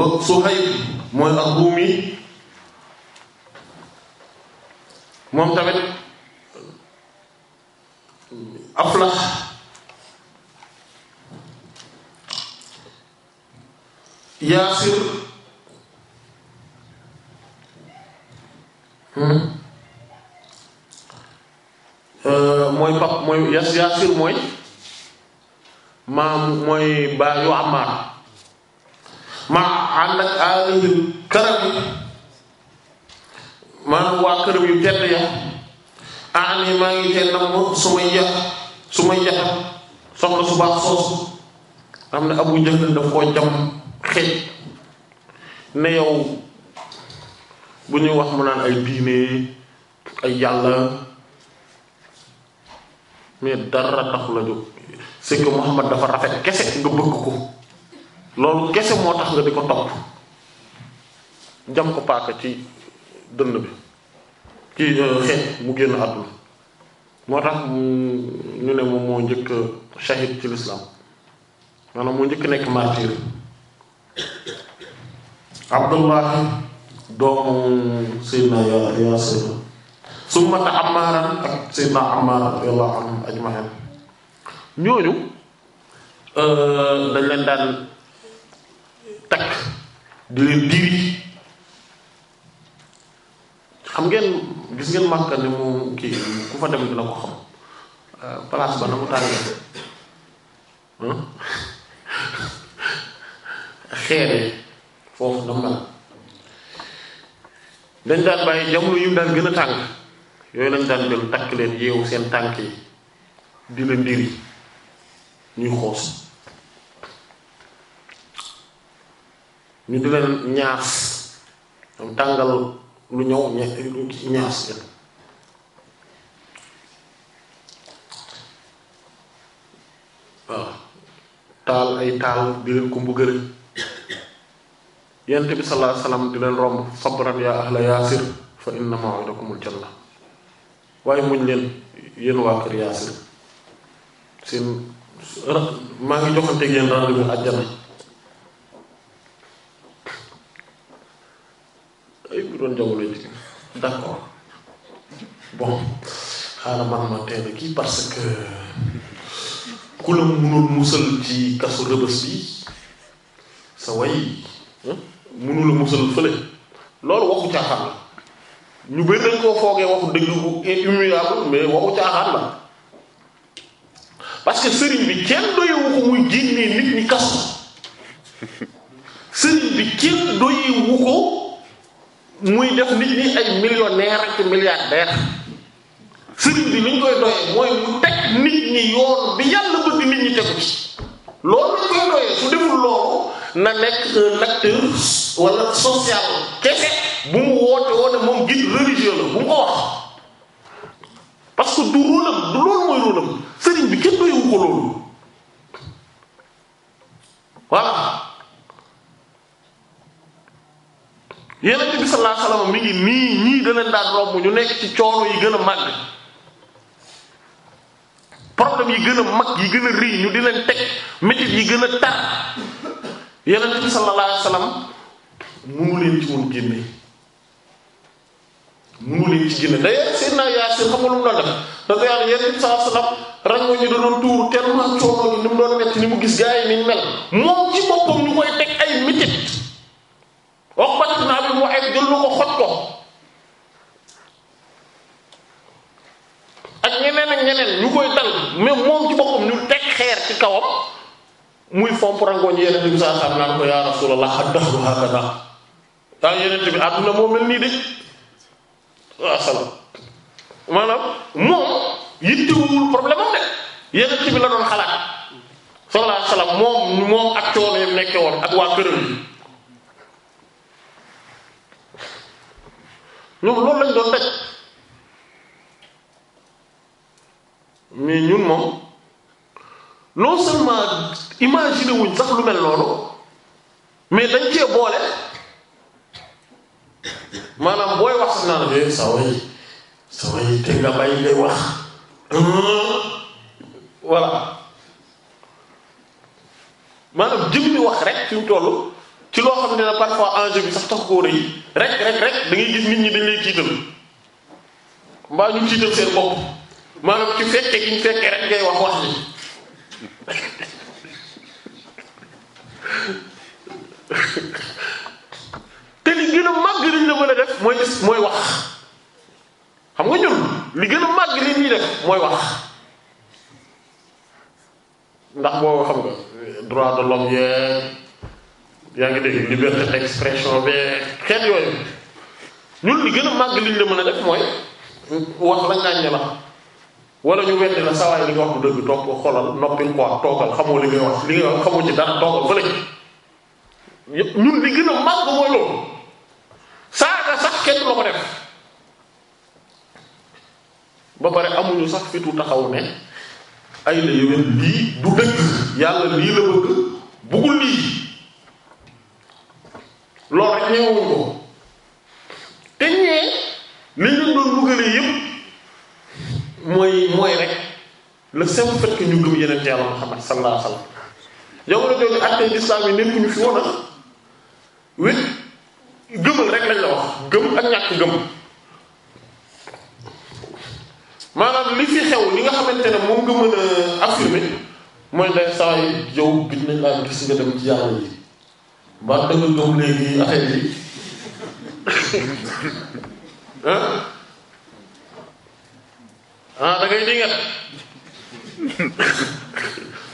wa Suhayb mooy ar-Rumi moom tamit euh, Aflax Yaasir hmm? euh, mooy pap mooy Yaasir mooy maam mooy baayu Ammaar ma ànd ak alihim këram maanaam waa këram yu tedd ya ani maa ngi tey suma Sumayya Sumayya soxna su baax soosu xam ne Abu Jahl daf koo jam xëj ne yow bu ñuy wax mu naan ay diine ay yàlla mais dara taxu la jóg c'est Muhammad dafa rafet kese nga bëgg ko loolu kese moo tax nga di ko topp jam ko paaka ci dënn bi kii euh, xeet mu génn àdduna moo tax ñu ne moom moo njëkk shahid ci lislaam maanaam moo njëkk nekk martyr abdullahi doomu sayyidna Yaasir summa ta amaaran ak sayyidna amaar radiyallahu anhum ajmain ñooñu euh, dañ leen daan takk di leen diri xam ngeen gis ngeen màkka ni mu kii ku fa dem dina ko xam euh, place ba na mu tàngee xeere foofu na dañ daan bàyyi jamono yu daan gën a tàng yooyu lañ daan jël takk leen yeewu seen tànk yi di leen diri ñuy xoos ñu di leen ñaas tàngal lu ñëw ñaas leen waaw taal ay taal di leen ko mbugale yent bi sallallahu alayhi di leen romb sabran ya ahla yaasir fa inna maw'idakumul janna waaye muñ leen yéen waa kër yaasir seen maa ngi joxante ak yéen rendez-vous kon jamono ji d'accord bon xaaral ma teel kii parce que ku la mënul musal ci kasu rëbës bi sa way hmm? mënu musal fële loolu waxu caaxaan la ñu bëri dañ koo foogee waxu dëgg bu immuable mais waxu caaxaan la parce que sëriñ bi kenn doyewu ko muy def nit ñi ay millionnaire ak milliardaire sëriñ bi niñ koy doyee mooy mu teg nit ñi yoon bi yàlla bëgg nit ñi tegu ci loolu na nekk un acteur wala social kese bu mu woote woote moom guide religieux bu mu ko wax parce que du du loolu mooy rôlam sëriñ bi kenn doyewu ko loolu voilà yeneen bi sallallahu alayhi mi ngi nii ñii da leen daan romb ñu nekk ci coono yi gën a màgg problème yi gën a mag yi gën a rëy ñu di leen teg métit yi gën a tar yeneen bi sallallahu alayhi wasallam mënu leen ci woon génne mënu leen ci génne d'ailleurs Seydina Yaasir xam nga lu mu doon def dafa yàlla yeneen bi sallallahu alayhi wasallam rangoo ñu da doon tuur coono ni mu doon metti ni mu gis gaa yi ni mel moom ci boppam ñu koy teg ay métit waxat naa bi mu waxee jël ko xot ko ak ñeneen ak ñeneen ñu koy dal mais moom ci boppam ñu teg xeer ci kawam muy fomp rangoñ yeneen bi saa naan ko yaa rasulallah ad-dahru hakada daal yeneen bi àdduna moo mel nii de waaw maanaam moom yittewul problème am de yeneen bi moom moom ak coono yam nekke woon ak waa këram yi ñoom loolu lañ doon daj mais ñun moom non seulement imaginer wuñ sax lu mel loolu mais dañ cee boole maanaam booy wax sax naa la eh, sa way te nga bàyyi ngay wax voilà maanaam jëm ni wax rek fi ñu toll ci loo xam ne na parfois enjeu bi sax tax koo rëy rek rek rek da ngay gis nit ñi dañ lay tiital mbaa ñu tiital seen bopp maanaam ci fekke gi ñu fekkee rek ngay wax wax ni te li gën a màgg li ñu la mën a def mooy mooy wax xam nga ñun li gën a màgg li ñuy def mooy wax ndax boobu xam nga droit de l'homme yeeg yaa ngi dégg liberté d'expression ba xeet yooyu ñun li gën a màgg liñ la mën a def mooy wax la ngàññ la wala ñu weddi la sawaay li nga wax bu dëgg toog ko xolal noppil ko toogal xamoo li ngay wax li ngay wax xamoo ci dara toogal fële ñun li gën a màgg mooy loolu saaga sax kenn la ko def ba pare amuñu sax fitu taxaw ne ay la yowén lii du dëgg yàlla lii la bëgg bëggul lii loolu ñeewuñ ko te ñee li ñu doon buggalee yëpp mooy mooy rek le simple fait que ñu gëm yeneen yàlla Muhammad sallallahu alayhi wa sallam jamono jooju àtte lislaam yi nekkuñu fi woon a ah. wét gëmal rek lañ la wax gëm ak ñàkk gëm maanaam li fi xew li nga xamante ne moom nga mën a affirmer mooy day saa yu jaww bi nañ laa gis nga dem ci yàlla yi mbaa danga gëm léegi affaire yi ah ah da ngay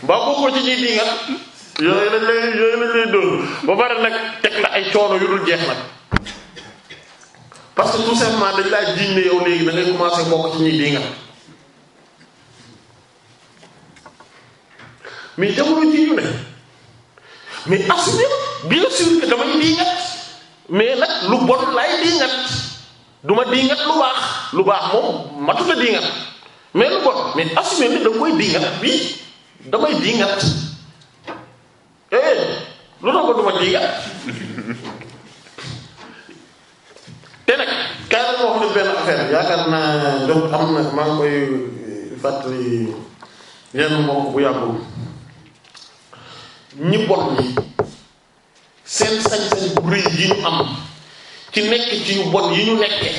bokkoo ci ñuy dingat yooyu lañ lay yooyu lañ lay dóor ba pare nag teg la ay coono yu dul jeex nag parce que tout simplement dañ laa jiñ ne yow léegi da ngay bokk ci ñuy dingat mais jamono ji ñu ne mais as bien sûr que damay diingat mais nag lu bon laay diingat du diingat lu baax lu baax moom matut a diingat mais lu bon mais assumer ni da diingat bi eh, lu tax ko du diingat te nag kaay ma wax ni benn affaire yaakaar naa donc am na maa ngi koy fàttali yenn mbokk bu yàggul. ñi bon ñi seen sañ-sañ bu yi ñu am ci nekk ci yu bon yi ñu nekkee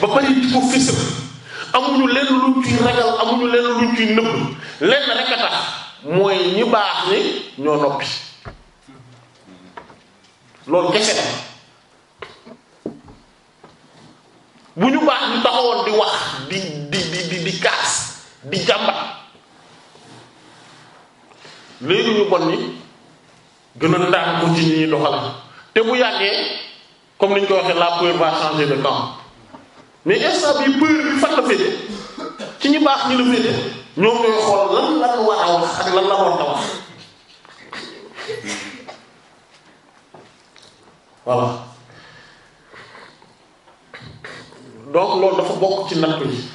ba pare di ko fësal amuñu lenn luñ ciy nëbb lenn rek a tax mooy ñi baax ni ñoo noppi loolu kese la bu ñu baax ñu taxawoon di wax di di di di kaas di jàmbat léegi ñu bon ñi gën a tànn ko ci ñi ñuy doxal te bu yàggee comme ni ko waxee la peur va changer de camp mais instant bi peur bi la féete ci ñi baax ñi la féete ñoom ñooy xool lan lan war wax ak lan la war a wax voilà donc loolu dafa bokk ci natt yi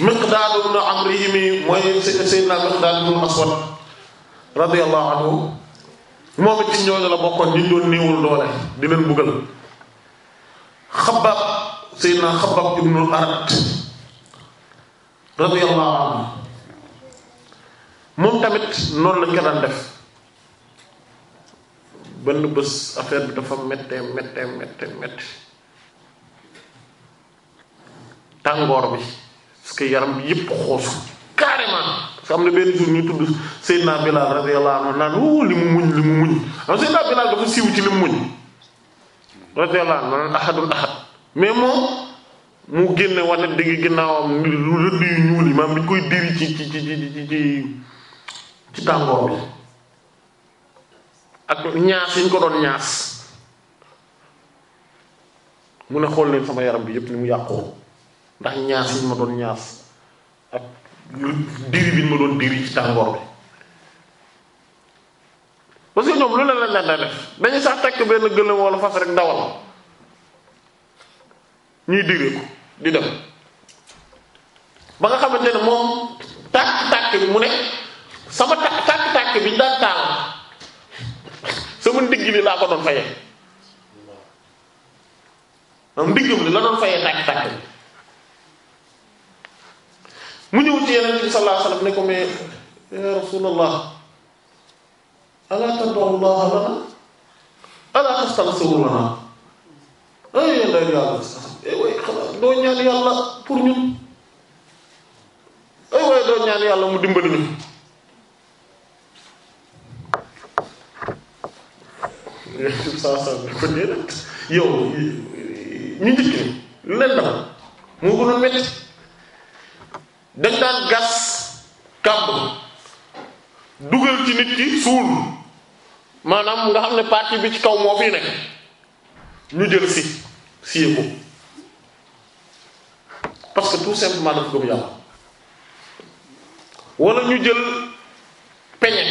miqdaad ibn amri yi mi mooy sayyidina miqdaad ibn aswad radiyallahu anhu moom it ñooñu la bokkoon ñu néewul doole di leen buggal xabaab sayyidina xabaab ibnul arat radiyallahu anhu moom tamit noonu lañ ko daan def benn bés affaire bi dafa méttee méttee méttee tàngoor bi parce que yaram bi yëpp xoos carrément parce que benn jour ñu tudd Seydina Bilal radiyallahu anhu naan wuu li mu muñ li mu muñ am Seydina Bilal dafa siiw ci li mu muñ radiyallahu naan ahadun ahad mais moom mu génne wane dëgg ginnaawam lu rëdd yu ñuul yi maanaam dañ koy diri ci ci ci ci ci ci tàngoor bi ak ñaas yi ñu ko doon ñaas mu ne xool leen sama yaram bi yëpp ni mu yàqoo. ndax ñaas yi ma doon ñaas ak diri bi ma doon diri ci tàngoor bi parce que ñoom lu ne lañ def dañu sax takk benn gëlëm wala fas rek dawal ñuy diri ko di dem ba nga xamante ne moom tàkk-tàkk bi mu ne sama tàkk-tàkk bi daan taal sama ndigg li laa ko doon fayee moom ndiggam li la doon fayee tàkk-tàkk bi mu ñëw ci yeneen bi sallallahu alayhi wasallam ne ko mais ya rasulallah ala tad'u llaha lana ala tastaghfiru lana ay yéen daal yàlla ay way xanaa ñaan yàlla pour ñun ay way doo ñaan yàlla mu dimbali ñu saa saa yow ñu njëkk leen dama moo gënoon métti dañ daan gas kàmb dugal ci nit ki suul maanaam nga xam ne partie bi ci kaw moo fi nekk ñu jël si siyee ko parce que tout simplement gëm yàlla wala ñu jël peñe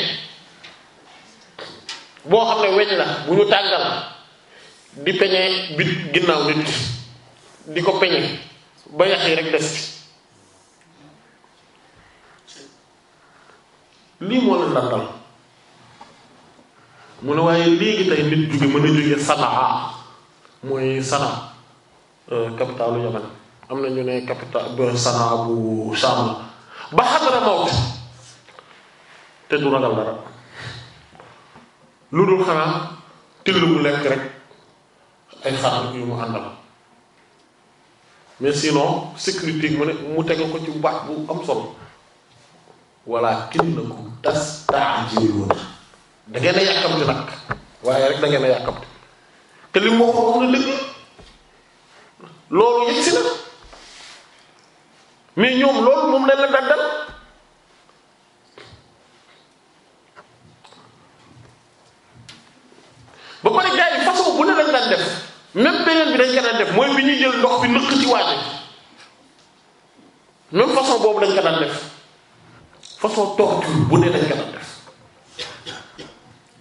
boo xam ne weñ la bu ñu tàngal di peñe bit ginnaaw nit di ko peñe ba yax yi rek des lii moo leen daan dal mu ne waaye léegi tey nit jóge mën a jóge sanaa mooy sanaa euh, capitalu yaman am na ñu ne capital bu sanaa bu Saam la ba xadara mawt te du ragal dara lu dul xanaa till bu lekk rek ay xaar yu mu àndal mais sinon sécurité mu ne mu tegal ko ci baax bu am solo walaakin na ku tas taajiluuna da ngeen a yàkkamti nag waaye rek da ngeen a yàkkamti te li mu waxoon wax na dëgg loolu yëg si na mais ñoom loolu moom lañ la dàggal ba pare gars yi façon bu ne lañ def même période bi dañ ko def mooy bi ñuy jël ndox bi nëkk ci waaje même façon boobu dañ ko daan def façon torture bu ne dañ ko def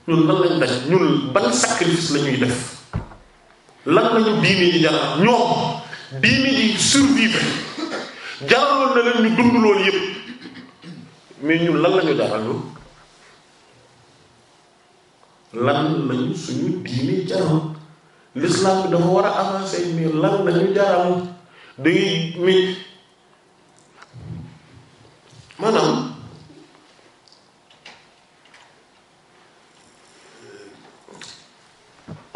ñun lan lañ def ñun ban sacrifice la ñuy def lan la ñu diine ji jaral ñoom diine ji survivre lool na leen ñu dund loolu yépp mais ñun lan la jaral ñun lan lañu suñu diine jaral l'islam bi dafa war a avancer mais lan la ñu jaral da ngay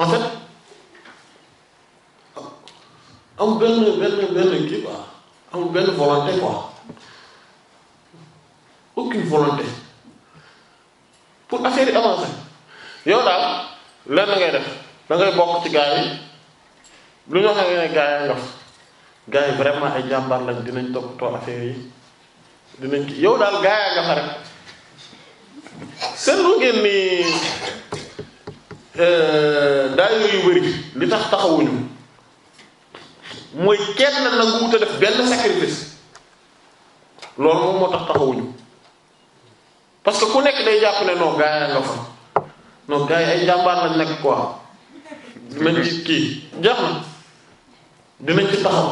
en fait amul benn benn benn kii quoi amul benn volonté quoi aucune volonté pour affaire yi yow daal lenn ngay def da bokk ci gars yi lu ñu wax ne gars yi nga gars yi vraiment ay jàmbaar lañ dinañ toppatoo affaire yi dinañ kii yow daal gars yaa nga fa rek seetlu ngeen ni. daa yooyu wër li tax taxawuñu mooy kenn nangu wut a def benn sacrifice loolu moom moo tax taxawuñu parce que ku nekk day jàpp ne non gaa yi nga fa non gaa ay jàmbaar lañ nekk quoi dinañ ci kii jàpp na dinañ ci taxaw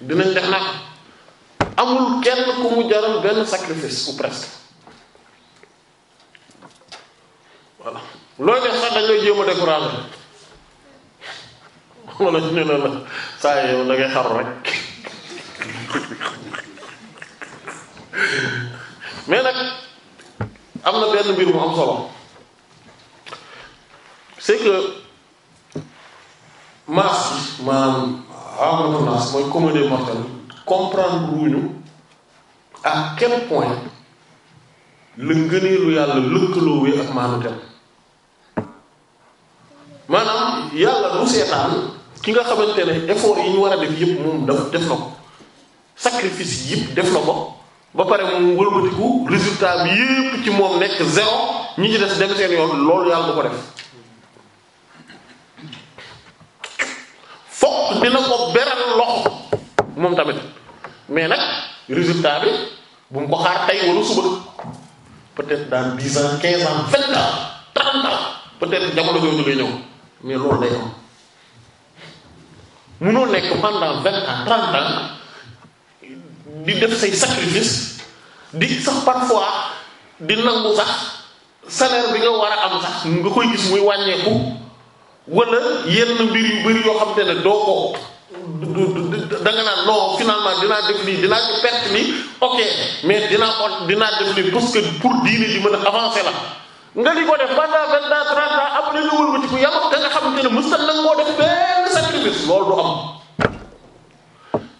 dinañ def nag amul kenn ku mu jaral benn sacrifice ou presque voilà. looy def sax dañ lay jéem a découragé wala ñu ne la la saa yow da ngay xaru rek mais nag am na benn mbir mu am solo c'est que masse maanaam amatu naas mooy comédie mortelle comprendre wuñu à quel point la ngëneelu yàlla lëkkaloo wee ak maanu dem maanaam yàlla du seetaan ki nga xamante ne effort yi ñu war a def yëpp moom daf def na ko sacrifice yëpp def na ko ba pare mu wëlbatiku résultat ci moom nekk zéro ci des dem seen yoon loolu yàlla du ko def ko beral moom tamit mais nag résultat bi bu mu ko xaar tey wala suba peut-être dans dix ans quinze ans vingt ans trente peut-être jamono jooju lay ñëw. mais loolu day am munoo nekk pendant vingt ans trente ans di def say sacrifice di sax parfois di nangu sax salaire bi nga war a am sax nga koy gis muy wàññeeku wala yenn mbir yu bari yoo xam te ne doo ko da nga naan non finalement dinaa def lii dinaa ci perte nii ok mais dinaa dinaa def lii parce que pour diine di mën a avancer la nga li ko def pendant vingt ans trente ans après nga wëlbatiku yàlla ko nga xamante ne mos na moo def benn sacrifice loolu du am.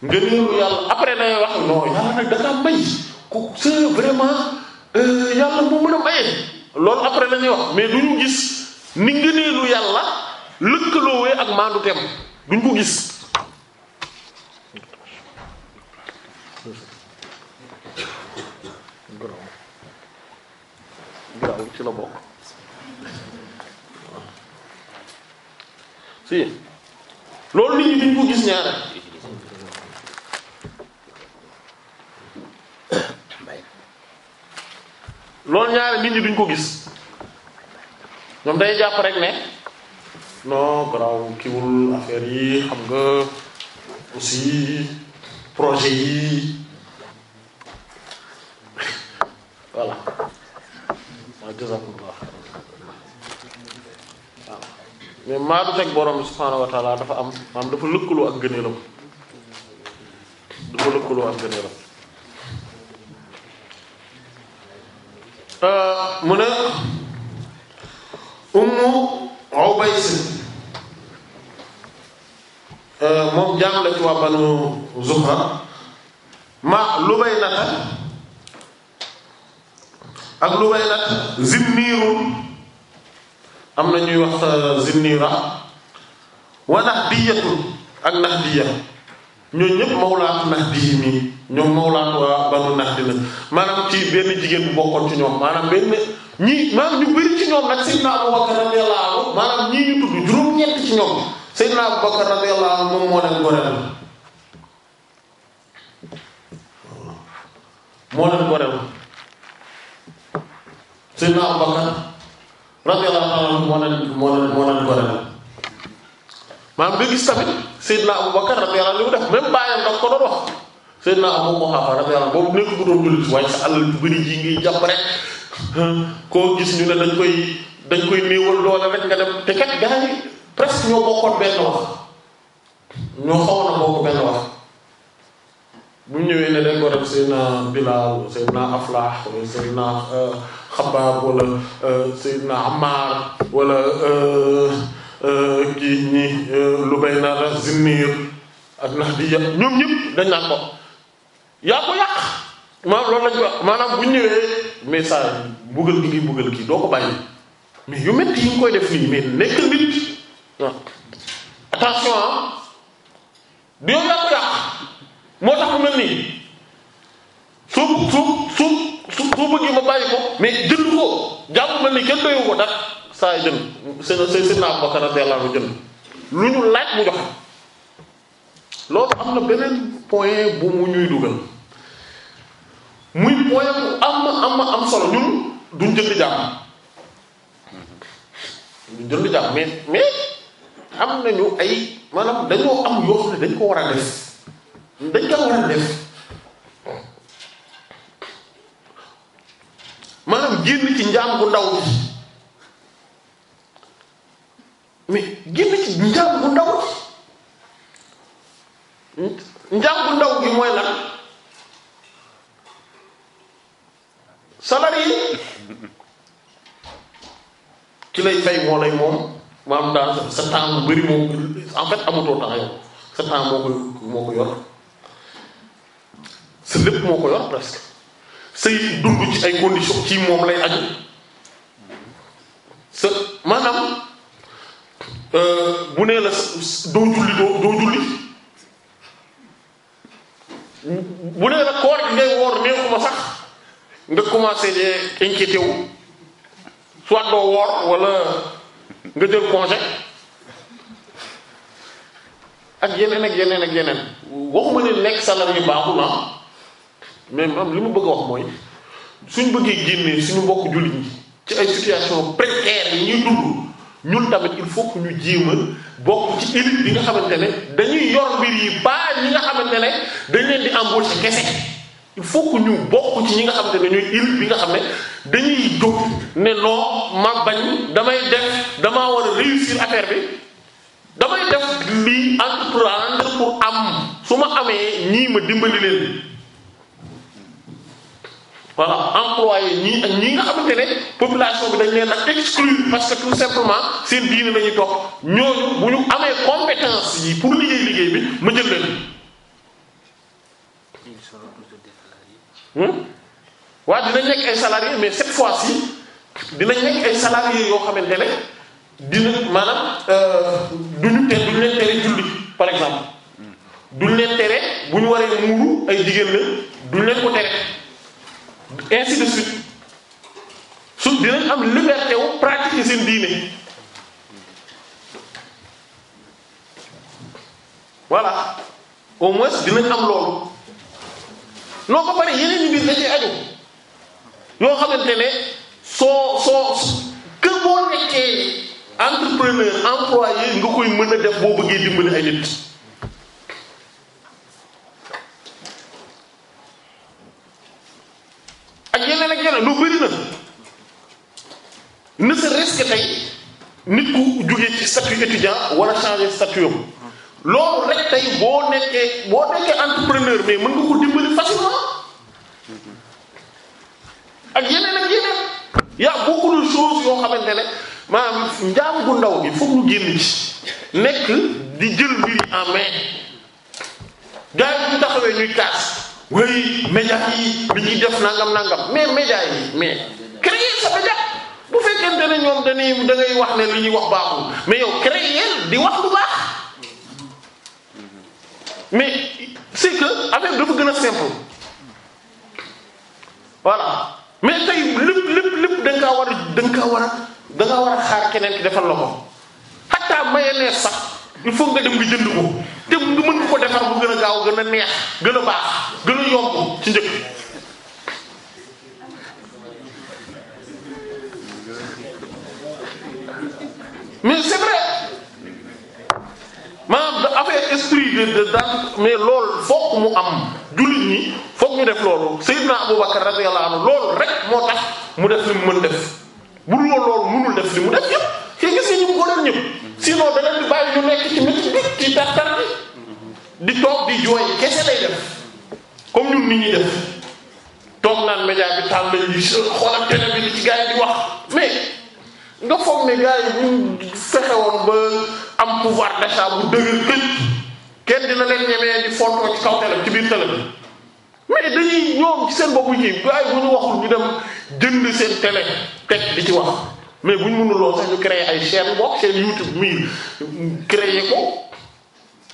nga néew yàlla après day wax non yàlla nag da ngaa may ku euh, moo mën a maye loolu après la ñuy wax mais duñu gis ni nga néelu yàlla lëkkaloowee ak maandu tem duñ ko gis. graw ci la bokk si loolu nit ñi duñ ko gis ñaare loolu ñaare nit ñi duñ ko gis ñoom day jàpp rek ne non graw kiwul affaire yi xam nga aussi projet yi voilà waaw jazakumullah waaw mais maadu teg borom bi subhaanahu wa dafa am maanaam dafa lëkkaloo ak gëneelam dafa lëkkaloo euh, mu ne ummu Ubays euh, moom jàng la ci waa banu Zuhra ma Lubaynata ak lu bay nag am na ñuy wax euh, zinniira wa nahdiyatun ak nahdiya ñoo ñëpp mawlaatu nahdi yi mii ñoom mawlaatu waa banu nahdi la maanaam ci benn jigéen bu ci ñoom maanaam benn ñii maanaam ñu bëri ci ñoom nag Seydina Abubakar radiyallahu anhu maanaam ñii ñu tudd juróom-ñett ci ñoom Seydina Abubakar radiyallahu anhu moom moo leen goreel moo Seydina Abubakar radiyallahu anhu moo leen moo leen moo leen gore la maanaam nga gis tamit Seydina Abubakar radiyallahu li bu doon jullit waaye bu bëri ji ngiy jàpp rek koo gis ñu ne dañ koy dañ koy néewal doole rek nga dem te kat gaa yi presque ñoo bokkoon benn wax ñoo xawoon na bokk benn wax bu ñëwee ne dañ ko def Seydina Bilal Seydina Aflah Seydina euh, Xabbaab wala euh, Seydina Ammaar wala euh, euh, kii ñi Lubayna az-Zinniir ak Nahdiya ñoom ñëpp dañ naan ko yaa ko yàq maanaam loolu lañ maanaam bu ñëwee mais ça gi ngi bugal kii doo ko bàyyi mais yu métti yi nga koy def nii mais nekk nit attention ah du yow yaa ko moo tax mu nii suuf suuf suuf boo bëggee ma bàyyi ko mais jënd ko jàpp na ni kenn doyu ko dara saa jënd seen naa seen Abubakar radiyallahu anhu jënd lu ñu laaj mu jox loolu am na beneen point bu mu ñuy dugal muy point bu am am am solo ñun duñ jënd jàpp duñ jënd jàpp mais mais am nañu ay maanaam dañoo am yoo xam dañ ko war a def dañ ko war a def. génn ci njaam bu ndaw bi mais génn ci njaam bu ndaw njaam bu ndaw bi mooy lan salarié ki lay fay moo lay moom maanaam daal sa temps bu bëri moom en fait amatoo temps yow sa temps moo ko moo ko yor sa lépp moo ko yor presque say dund ci ay condition ci moom lay aju sa maanaam euh, bu nee la doo julli doo doo julli bu nee la koor ngay woor neexuma sax nga commencé de inquiété wu soit doo woor wala nga jël congé ak yeneen ak yeneen ak yeneen waxuma ne nekk salaire yi baaxul ah mais maanaam li ma bëgg a wax mooy suñ bëggee génnee suñu bokk jullit ñi ci ay situation précaire yi ñuy dund ñun tamit il faut que ñu jéem a bokk ci xamante ne dañuy yor mbir yi baa ñi nga xamante dañ leen di embaucher kese il faut que ñu bokk ci ñi nga xamante ne ñooy élite bi nga xam ne dañuy jóg ne non ma bañ damay def damaa war a réussir affaire bi damay def lii entreprendre pour am su ma amee ñii ma dimbali leen. waaw employé ñii ak ñi nga xamante ne population bi dañ leen a exclure parce que tout simplement seen diine lañuy toog ñooñu bu ñu amee compétence yi pour liggéey liggéey bi ma jël leen. Hmm? waaw dinañ nekk ay salariés mais cette fois-ci dinañ nekk ay salariés yoo xamante ne dina maanaam euh, duñu te duñu leen tere julli par exemple duñu leen tere bu ñu waree muuru ay jigéen la duñu leen ko tere. ainsi de suite su am liberté wu pratiquer seen diine voilà au moins dinañ am loolu noo ko pare yeneen ñu mbir da aju yoo xamante ne ne soo soo que boo nekkee entrepreneur employé nga koy mën a def boo bëggee dimbali ay nit na loo bëri na ne serait-ce nit ku jógee ci statut étudiant war a changer statut am loolu rek tey boo nekkee boo nekkee entrepreneur mais mën nga ko dimbali facilement ak yeneen ak yeneen y a beaucoup de choses yoo xamante ne maanaam njaam gu ndaw bi foog ñu génn ci nekk di jël mbir en main gars yi bu taxawee ñuy kaas wéy média yi mi ñuy def nangam nangam mais média yi mais créer sa média bu fekkente ne ñoom dañuy da ngay wax ne li ñuy wax baaxul mais yow créer di wax lu baax mais c'est que affaire dafa gën a simple voilà mais tey lépp lépp lépp kaa war a da nga kaa war a xaar keneen ki defal la ko xataa mayonnaise sax. il foog nga dem nga jënd ko te nga mën ko defar bu gën a gaaw gën a neex gën a baax gën a yomb ci njëkk. mais c'est vrai da affaire esprit de de daan mais lool fokk mu am jullit ñi fokk ñu def loolu Seydina Aboubacar radiyallahu anhu loolu rek moo tax mu def li mu mën def bu dul loolu mënul def li mu def yëpp. te nga ñu mu gënoon ñëpp sinon da leen di bàyyi di toog comme ñun nit ñi def toog naan bi tàmbali di xoolal di wax mais nga foog ne gars yi ñu fexe woon ba am pouvoir kenn dina leen ñemee di fontoo ci kaw télé ci biir télé bi mais dañuy ñoom ci seen bopp yi gars yi bu ñu waxul ñu dem jënd seen télé teg di ci wax. mais bu ñu mënul loo sax ñu créer ay chaîne bokk chaîne YouTube mi créer ko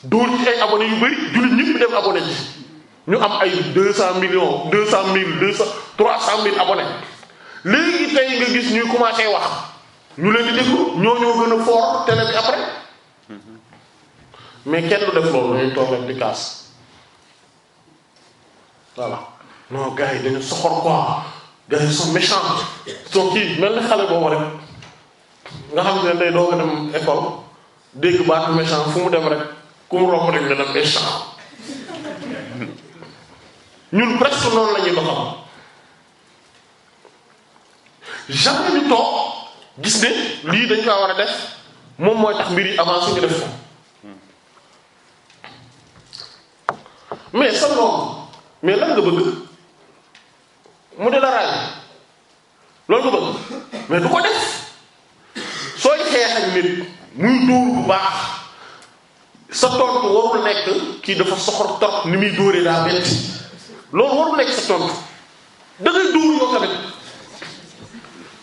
dóor ci ay abonnés yu bari jullit ñëpp dem abonné ci ñu am ay deux cent millions deux cent mille deux cent trois cent mille abonnés léegi tey nga gis ñuy commencé wax ñu leen di déglu ñoo ñoo gën a fort télé bi après mais kenn du def loolu dañuy toog rek di kaas voilà non gars yi dañu soxor quoi gars yi sont méchants sont kii mel ni xale boobu rek nga xam ne day doog a dem école dégg baatu méchant fu mu dem rek ku mu romb rek ne la méchant ñun toog gis ne lii dañ kaa war a def moom mooy tax mbir yi avancé def ko mais sa loolu mais lan nga bëgg mu de la raay loolu bëgg mais du ko def. sooy xeex ak nit muy dóor bu baax sa tontu warul nekk kii dafa soxor trop ni muy dóoree daa metti loolu warul nekk sa tontu da ngay dóor yoo tamit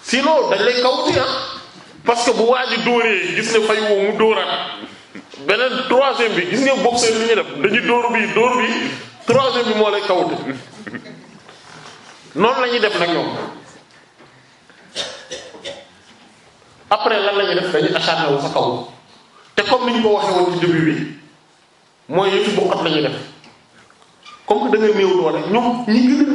sinon dañ lay kaw ci ah. parce que bu waa ji dóoree gis ne fay woo mu dóoraat beneen troisième bi gis nga boxeur li ñuy def dañuy dóor bi dóor bi troisième bi moo lay kawute noonu lañuy ñuy def nag ñoom après lan la def dañuy acharné wu sa kaw te comme ni ñu ko waxee woon ci début bi mooy yëfu bu xot la ñuy def comme nga néew doole a néew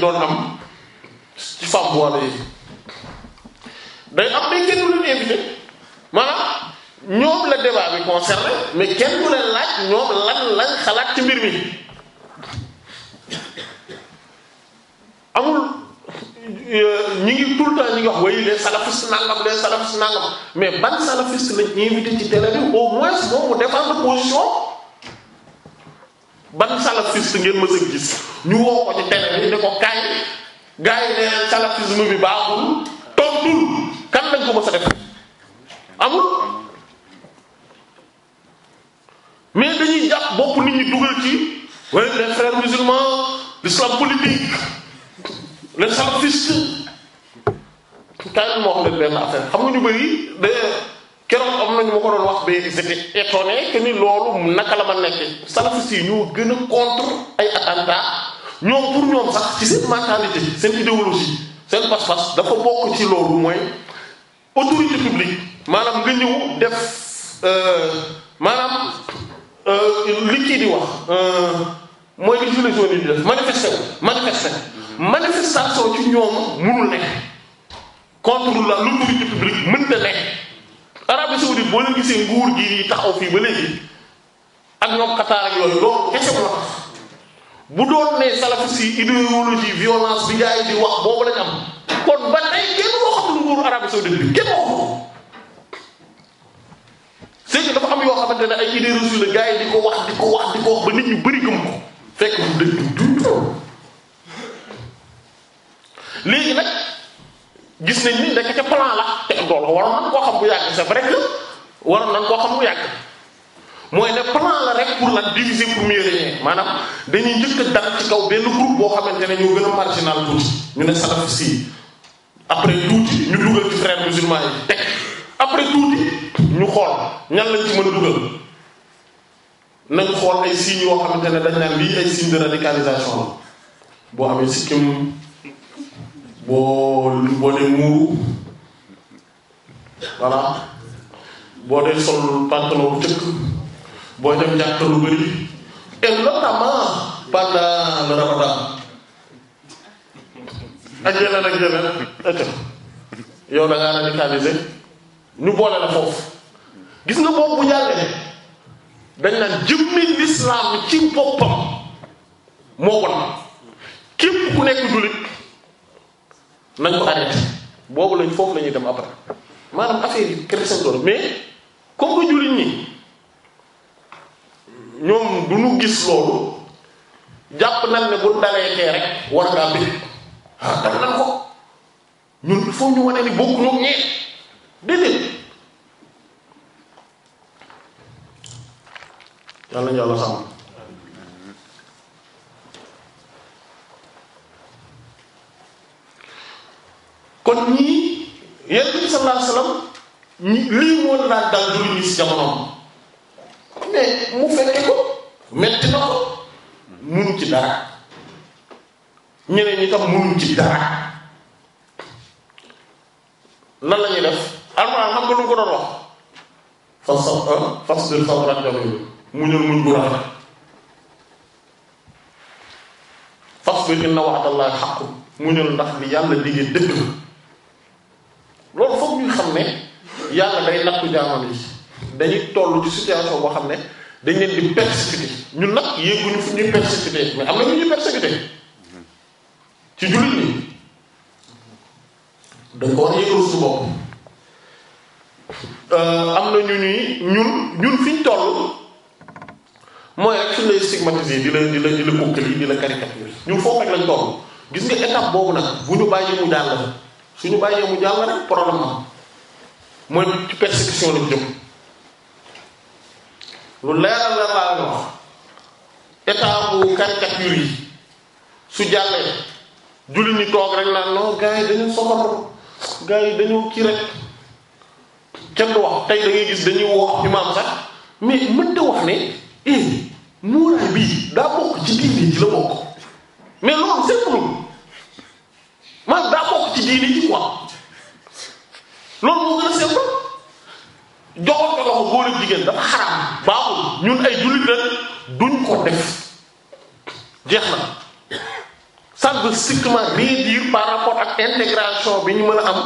doole doon am ci femme boole yi day am day kenn du leen invité maanaam ñoom la débat bi concerné mais kenn du leen laaj ñoom lan lañ xalaat ci mbir mi Euh, ñi ngi tout le temps ñi ngi wax way les salafistes nangam les salafistes nangam mais ban salafiste lañ invité ci télé bi au moins moom mu défendre position ban salafiste ngeen mës gis ñu woo ko ci télé bi ne ko kaay gars yi ne salafisme bi baaxul tontul kan lañ ko mës def amul mais dañuy jàpp bopp nit ñi dugal ci way les frères musulmans le salafiste kaay ma wax leen benn affaire xam nga ñu bëri de keroog am nañu ma ko doon wax ba j'étais étonné que ni loolu naka la ma nekk salafiste yi ñoo gën a contre ay attentat ñoom pour ñoom sax ci seen mentalité seen idéologie seen pas-pas dafa bokk ci loolu mooy autorité publique maanaam nga ñëw def euh, maanaam euh, li kii di wax euh, mooy li fi la zone yi def manifester wu manifestation ci ñoom mënul nekk contre la l'autorité publique mën na nekk Arabie saoudite boo leen gisee nguur gi taxaw fii ba léegi ak ñoom Qatar ak yooyu loolu kese moo tax bu doon ne salafis yi idéologie violence bi wax boobu lañ am kon ba tey kenn waxatul nguuru Arabie saoudite bi kenn waxu c'est que dafa am yoo xamante ne ay idées reçues la gars di ko wax di ko wax di ko ba nit ñu bëri gëm ko fekk du dëgg du léegi nag gis nañ ni ndekete plan la te dool waroon nañ koo xam bu yàgg c'est vrai que waroon nañ koo xam bu yàgg mooy ne plan la rek pour lan diviser pour mieux régner maanaam dañuy njëkk a dal ci kaw benn groupe boo xamante ne ñu gën a marginal tuuti ñu ne salaf si après tuuti ñu dugal ci frères musulmans yi teg après tuuti ñu xool ñan lañ ci mën a dugal nañ xool ay signes yoo xamante ne dañ naan lii ay signes de radicalisation la boo amee sikkim boo boo dee muuru voilà boo dee sol pantalon bu cëkk boo dem jàkka lu bari et notamment pendant le ramadan ak yeneen ak yeneen ak yow da ngaa radicalisé ñu boole la foofu gis nga boobu bu jàllee dañ naan jëmmi lislaam ci boppam moo won képp ku nekk jullit nañ ko arrêté boobu lañ foofu lañuy dem après maanaam affaire yi crescendo mais comme que jullit ñi ñoom du ñu gis loolu jàpp nañ ne bu dalee tee rek war ngaa bëgg ah dal nañ ko ñun il ñu wane ni bokk ñoom ñee déedéet yàlla ñu yàlla sàmm kon ñii yonent bi sallallahu alayhi lii moo la daan dal julli ci jamonoom mais mu fekke ko metti na ko mënu ci dara ñeneen ñi tam mënu ci dara lan lañuy def alxuraan xam nga lu ko doon wax fas ah, fas de sabran jamil muñul muñ bu rafet fasbir inna wa'dallahi haqqun muñul ndax li yàlla liggéey dëgg loolu foog ñu xam ne yàlla day nattu jaamam yi dañuy toll ci situation boo xam ne dañ leen di ñun nag yéeguñu fu ñuy persécuter euh, am na ñu ñuy persécuter am na ñu ñuy ñun ñun fi ñu toll mooy rek suñ lay stigmatiser di la di la di la kokkali di la caricature ñun foofu rek lañ toll gis nga étape boobu nag bu ñu bàyyi mu jàll suñu bàyyee mu jàll rek problème am mooy ci persécution lañ jëm lu leeral la laa nga wax état yi su jàllee julli ñi toog rek naan non gars yi dañu soxor gars yi dañu kii rek kenn wax tey da gis dañuy wax imaam sax mais mënta wax ne eh, muuraay bii daa bokk ci diine ji la bokk mais loolu c'est maanaam daa bokk ci diini ji quoi loolu moo gën a seetlu joxoon ko loxo góor jigéen dafa xaraam baaxul ñun ay jullit la duñ ko def jeex na ça veut strictement rien dire par rapport ak intégration bi ñu mën a am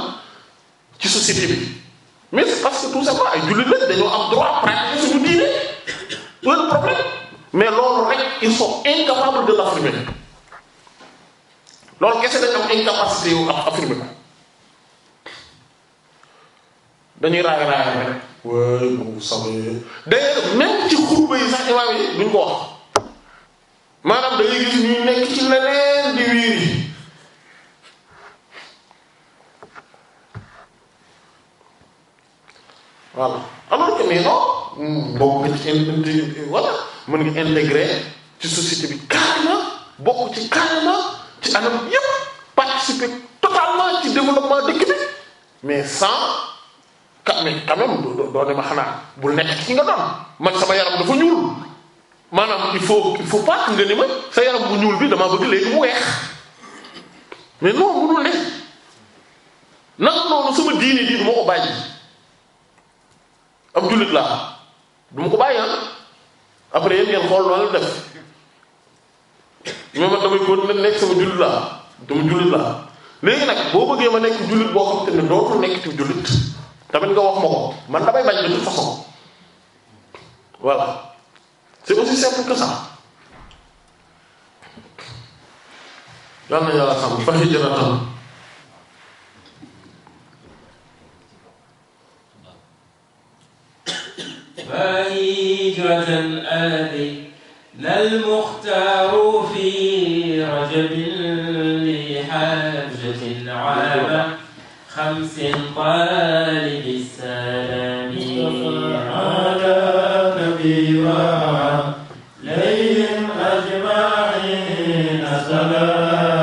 ci société bi mais c'est que tout simplement ay jullit la dañoo am droit pratiquer suñu diine un problème mais loolu rek il sont incapables de l'assumer loolu kese dañ am incapacité yu am affirmer ko dañuy raay raay waaye bu samee d'ailleurs même ci xurba yi sax imaam yi duñ ko wax maanaam dañuy gis ñuy nekk ci leneen di wiiri voilà alors que mais non ci voilà ci société bi carrément bokk ci carrément ci anam yépp participer totalement ci développement dëkk bi mais sans quand même quand même doo ne ma xanaa bul nekk ci nga doon man sama yaram dafa ñuul maanaam il faut il faut pas nga ni ma sa yaram bu ñuul bi dama bëgg léegi mu weex mais non munul ne nanga noonu sama diini di du ko bàyyi ab jullit laa du ma ko bàyyi ah. après yéen ngeen xool loolu def mais man damay continuer nekk sama jullit laa sama jullit laa léegi nag boo bëggee ma nekk jullit boo xam te ne dootul nekk ci jullit tamit nga wax ma man damay bañ de toute façon voilà c'est aussi simple que ça yal na yàlla xam fa hijratan fa hijratan لا المختار في رجب لحاجة عابة خمس طالب السلام على نبي ليل أجمعين السلام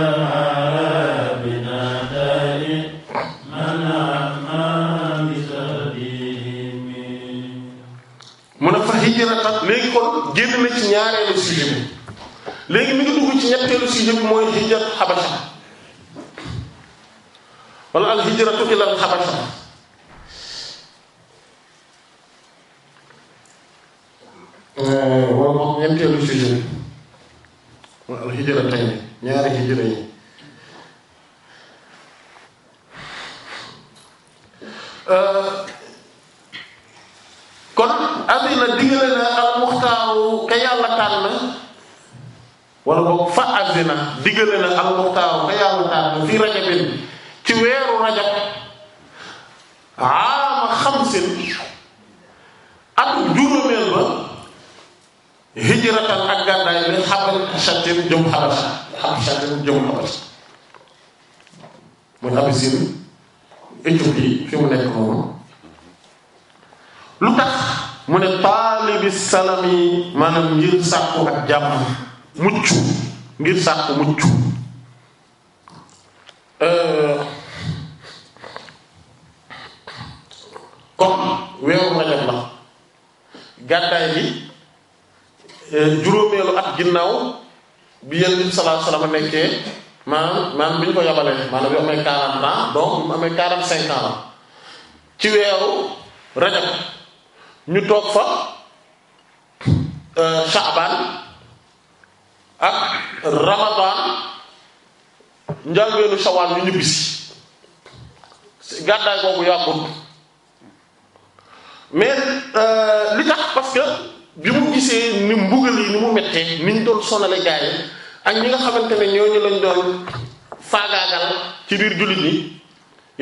génn na ci ñaareelu sujet léegi mi ngi dugg ci ñetteelu sujet mooy hijrat xabasa wala al hijratu ilal xabasa euh, wala moom ñetteelu sujet bi mooy al hijra tey ñaari hijra yi euh, kon adina digale al muxtaaru ka yàlla tànn wala boog fa adina digale al muxtaaru ka yàlla tànn fi rajabin ci weeru rajab aama xamsin atum juróomeel ba hijratan ak gàddaay bi xabashatin jëm xabasa xabashatin jëm xabasa muy Abyssinie Éthiopie fi mu nekk moomu lu tax mu ne taalibi salam yi maanaam ngir sàkku ak jàmm mucc ngir sàkku mucc comme euh, weeru rajab la gàddaay bi euh, juróomeelu at ginnaaw bi yonent bi sallallahu alayhi wasallam nekkee maanaam maanaam bi ñu ko yabalee maanaam bi amee 40 ans donc bi mu amee 45 ans la ci weeru rajab ñu toog fa euh, Shaaban ak Ramadan njàlbeenu Shawwal ñu ñibbisi gàddaay boobu yàggul mais euh, li tax parce que bi mu gisee ni mbugal yi ni mu mettee ni doon sonale gaay yi ak ñi nga xamante ne ñooñu lañ doon faagaagal ci biir jullit yi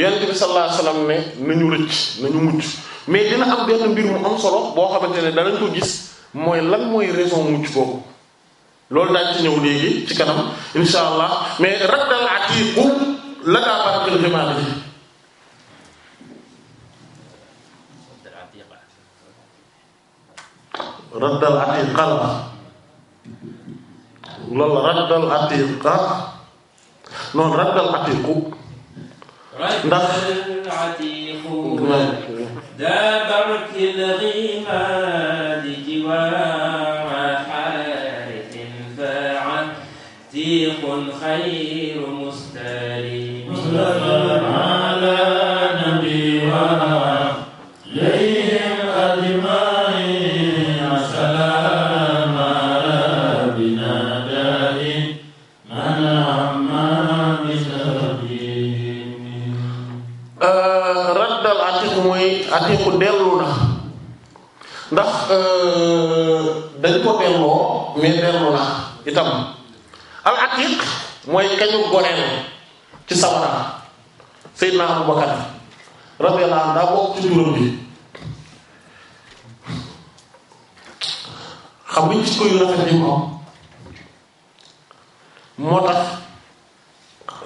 yonent bi sallallahu alayhi ne nañu rëcc nañu mucc mais dina am benn mbir mu am solo boo xamante ne danañ ko gis mooy lan mooy raison mucc boobu loolu daal ci ñëw léegi ci kanam insha allah mais raddal atiqu la raddal atiqa noonu raddal atiqu ndax ذا برك الغماد جوار حارث فعن تيق خير مستريم صلى على نبي وآله ndax euh, dañ ko delloo mais dellu na itam al mooy kañu goreel ci sawara Seydina Abu Bakar radiyallahu anhu daa bokk ci turam bi xam nga gis ko yu rafet yi mu am moo tax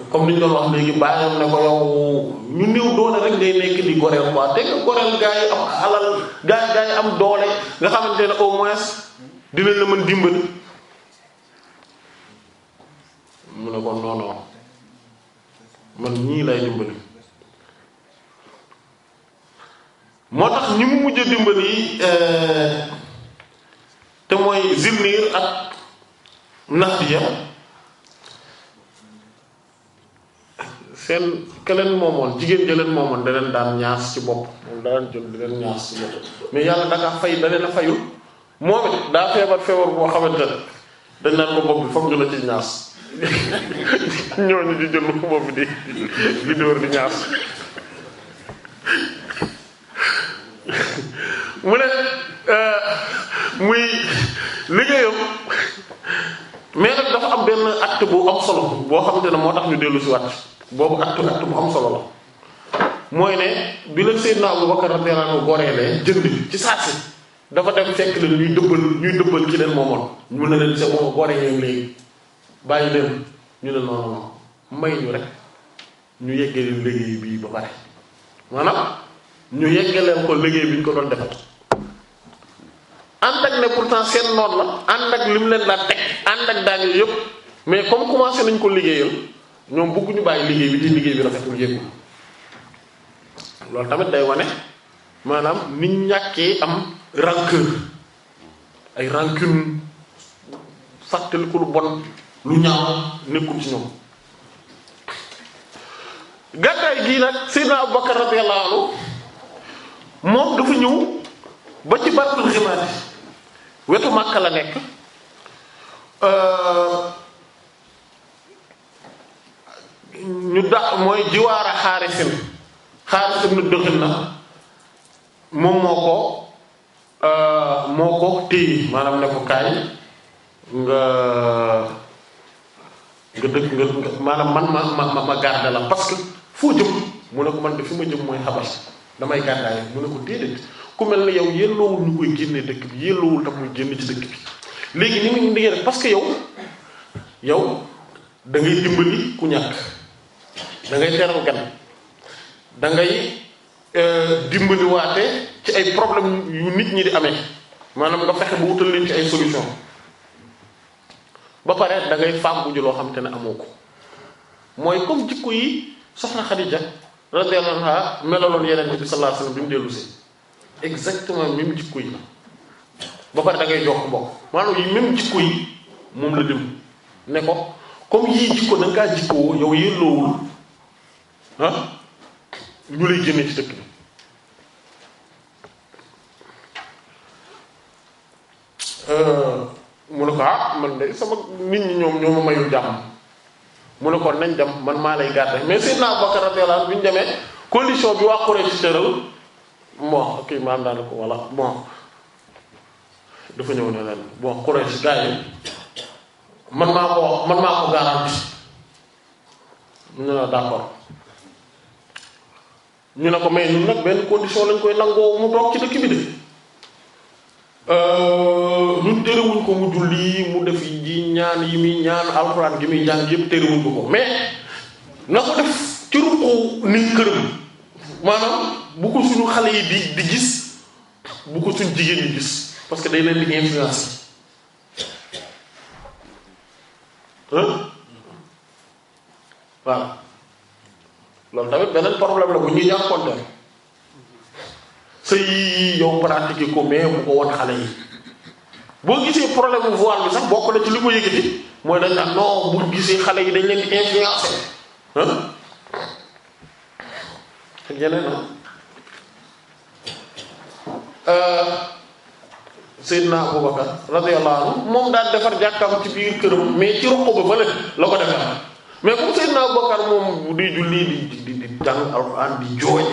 comme li ñu doon wax léegi bàyyam ne ko yow ñu néew doole rek ngay nekk di goreel quoi te nga goreel gaa yi am alal gaa gaa yi am doole nga xamante ne au dinañ la mën dimbali mu ne ko non man ñii lay dimbali moo tax ñi mu mujj dimbali euh, te mooy Zimriir ak Nahdiya seen ke leen moomoon jigéen ja leen moomoon da leen daan ñaas ci bopp moom da leen jël da leen ñaas ci bopp mais yàlla da ngaa fay da a fayul moom it daa feebar feebar boo xamante ne dañ naan ko bopp bi foog ñu la ci ñaas ñooñu di jël ko bopp bi di di dóor di ñaas mu ne euh, muy liggéeyam mais nag dafa am benn acte bu am solo boo xamante ne moo tax ñu dellu si waat boobu attu attu bu am solo la mooy ne bi la Seydina Abubakar radiyallahu anhu goree lee jënd ci saasi dafa dem fekk leen ñuy dëbbal ñuy dëbbal ci leen moomoon mu ne leen sa moom goree ngeen léegi bàyyi leen ñu ne noonu noonu may ñu rek ñu yeggale liggéey bii ba pare maanaam ñu leen ko liggéey bi ñu ko doon defat ànd ak ne pourtant seen noon la ànd ak mu leen daan teg ànd ak daañu yëpp mais comme commencé nañ ko liggéeyal ñoom bëgguñu bàyyi liggéey bi te liggéey bi rafetul yéegu loolu tamit day wane maanaam niñ ñàkkee am rancœur ay rancune fàttaliku lu bon lu ñaaw nekkul ci ñoom gàddaay gii nag Seydina Abubakar radiyallahu anhu moom dafa ñëw ba ci bartul ximaati wetu Màkka la nekk euh, ñu da mooy jiwaara xaarisin xaaris ibnu doxin na moom moo ko euh, moo ko téye maanaam ne ko kaay nga nga dëkk nga maanaam man ma ma ma garde la parce que foo jëm mu ne ko man de fi ma jëm mooy xabas damay gàddaay mu ne ko déedéet ku mel ne yow yelloowul ñu koy génne dëkk bi yelloowul tam muy génne ci dëkk bi léegi ni mu ni ngeen parce que yow yow da dimbali ku ñàkk dangay ngay teral gan da ngay euh, dimbaliwaate ci ay problème yu nit ñi di amee maanaam nga fexe ba wutal leen ci ay solution ba pare dangay ngay fàggu ji loo xam te ne amoo ko mooy comme jikko yi soxna Xadija radiyallahu anha melaloon yeneen bi sallallahu alayhi bi mu dellu si exactement même jikko yi ba pare da ngay jox mbokk maanaam yi même jikko yi moom la dem ne ko comme yii jikko da nga kaa jikkoo yow yelloowul ah ñu lay génne ci dëkk bi euh, mu ne ko ah man de sama nit ñi ñoom ñoo ma jàmm mu ne ko nañ dem man maa lay garder mais Seydina Abubakar radiyallahu anhu bi ñu demee condition bi waa Quraysh tëral bon ok maam daal ko walla bon dafa ñëw ne leen bon Quraysh gars yi man maa ko man maa ko garanti ñu ne la d'accord ñu ne ko mais ñun nag benn condition lañ koy nangoo mu toog ci dëkk bi de euh, ñun terewuñ ko mu julli mu def yi ñaan yi muy ñaan alxuraan gi muy ñaan yëpp terewuñ ko ko mais na ko def ci ruqu ni këram maanaam bu ko suñu xale yi di di gis bu ko suñu jigéen ñi gis parce que day leen di influence voilà loolu tamit beneen problème la bu ñuy jànkoonte sëy yi yow pratiquer ko bu ko won xale yi boo gisee problème mu voile bi sax bokk na ci li ko yëkkati mooy dañ naan non bu gisee xale yi dañ leen di influencer ah ak yeneen ah Seydina Abubakar radiyallahu moom daal defar jàkkam ci biir këram mais ci roq ba fële la ko defee mais comme Seydina Abubakar moom bu dee julli di di di jàng alxuraan di jooy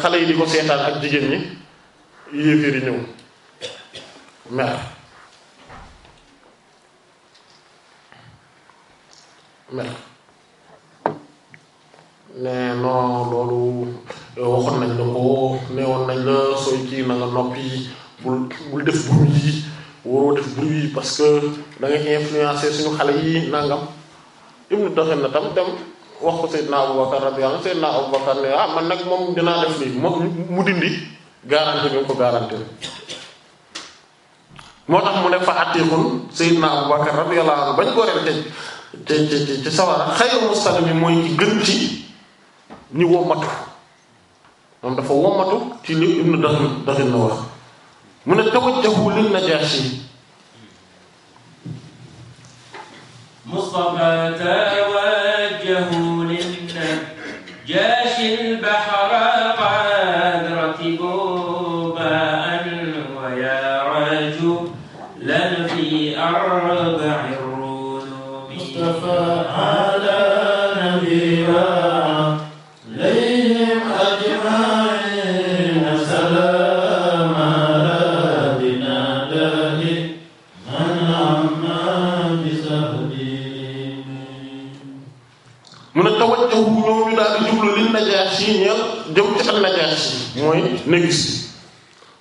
xale yi di ko seetaan ak jigéen ñi yéeféer yi ñëw mer mer ne non loolu waxoon nañ la ko neewoon nañ la sooy kii na noppi bul bul def buru yi waroo def bruit parce que da nga influencer suñu xale yi nangam ibnu doxin na tam dem wax ko Seydina Aboubacar radiyallahu anhu Seydina Aboubacar ne ah man nag moom dinaa def lii mu mu dindi mooy gën ci ñu wommatu moom dafa wommatu ci li ibnu doxin na wax mu ne tawajjahu lin najashi mustafa tawajjahu lin najashi al-bahra qad ratibuba an wa ya raju lan fi arba'i الرنوم مصطفى على نبينا chine jëm ci Najaasi mooy Négus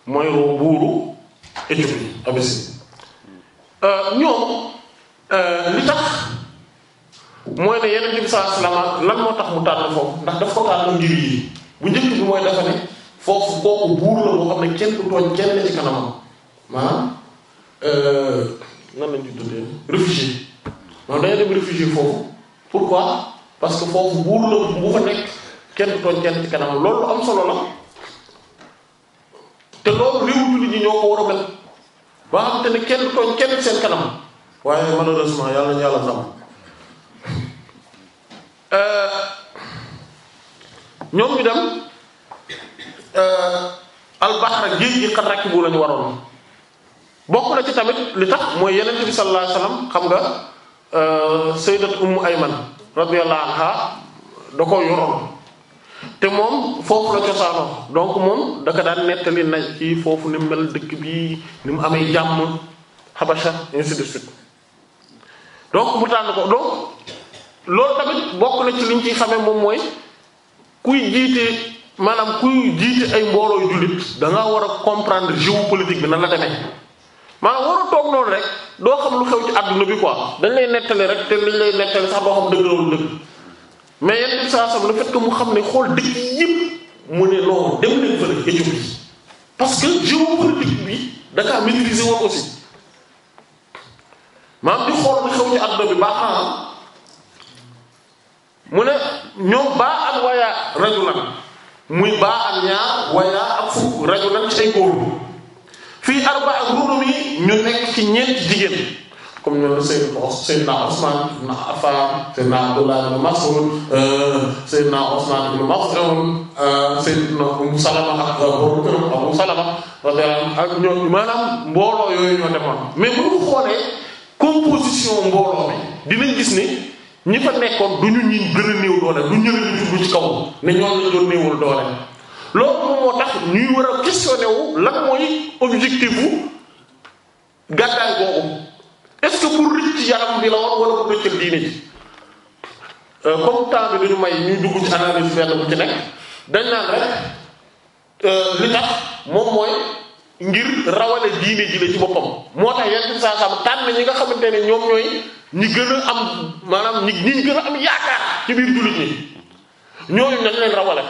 mooy buuru Éthiopie Abisi euh, ñoom euh, li tax mooy ne yeneen bi sallallahu alayhi wasallam lan moo tax mu tànn foofu ndax daf ko tànn ngir yi bu njëkk bi mooy dafa ne foofu kooku buur la boo xam ne kenn du tooñ kenn ci kanamam maanaam euh, nan lañ ci tuddee réfugié maanaam dañu dem réfugié foofu pourquoi parce que foofu buur la bu fa nekk kenn du tooñ kenn ci kanam loolu am solo la te loolu réewu jullit ñi ñoo ko war a mel ba ne kenn tooñ kenn ci seen kanam waaye malheureusement yàlla na yàlla ndam euh, ñoom ñu dem euh, albaxra géej gi xat rakki bu la waroon bokk na ci tamit li tax mooy yeneen bi sallallahu alayhi xam nga euh, sayyidat ummu ayman radiyallahu anha da ko yoroon te moom foofu la cosaanoo donc moom daka daan nettali na ci foofu ni mel dëkk bi ni mu amee jàmm xabasha ainsi de suite donc mu tànn ko donc loolu tamit bokk na ci liñ ci xamee moom mooy kuy jiite maanaam kuy jiite ay mboolooy jullit da ngaa war a comprendre géopolitique bi nan la demee maanaam war a toog noonu rek doo xam lu xew ci àdduna bi quoi dañ lay nettali rek te liñ lay nettali sax doo xam dëgg la mais yenn bi saa sam le fait que mu xam ne xool dëkk yëpp mu ne loolu dem leen fële Éthiopie parce que géopolitique bi da kaa maîtriser woon aussi maam di xool ni xew ci ah. mu ne ñoom baa ak wayaa rajulan muy baa ak ñaar wayaa ak fukk rajulan ci ay góor fii arba ak rurum yi ñu nekk ci ñeenti jigéen comme ñoom Seydina maanaam mbooloo yooyu ñoo demoon mais bu ñu xoolee composition mbooloo bi dinañ gis ni ñi nekkoon du ñu ñi gën a néew doole du ñëwee ñu tudd ci ne ñoom la doon néewul doole loolu moom tax ñuy war a questionné wu mooy objectif gàddaay boobu. est-ce que pour rëcc yaram bi la woon wala pour rëccal diine ji euh, comme temps bi duñu may ñu dugg ci analyse fenn bu ci nekk dañ naan rek euh, li tax moom mooy ngir rawale diine ji la ci boppam moo tax yenn saa saa tànn ñi nga xamante ne ñoom ñooy ñi gën a am maanaam ñi ñi gën a am yaakaar ci biir jullit ñi ñooñu nañ leen rawale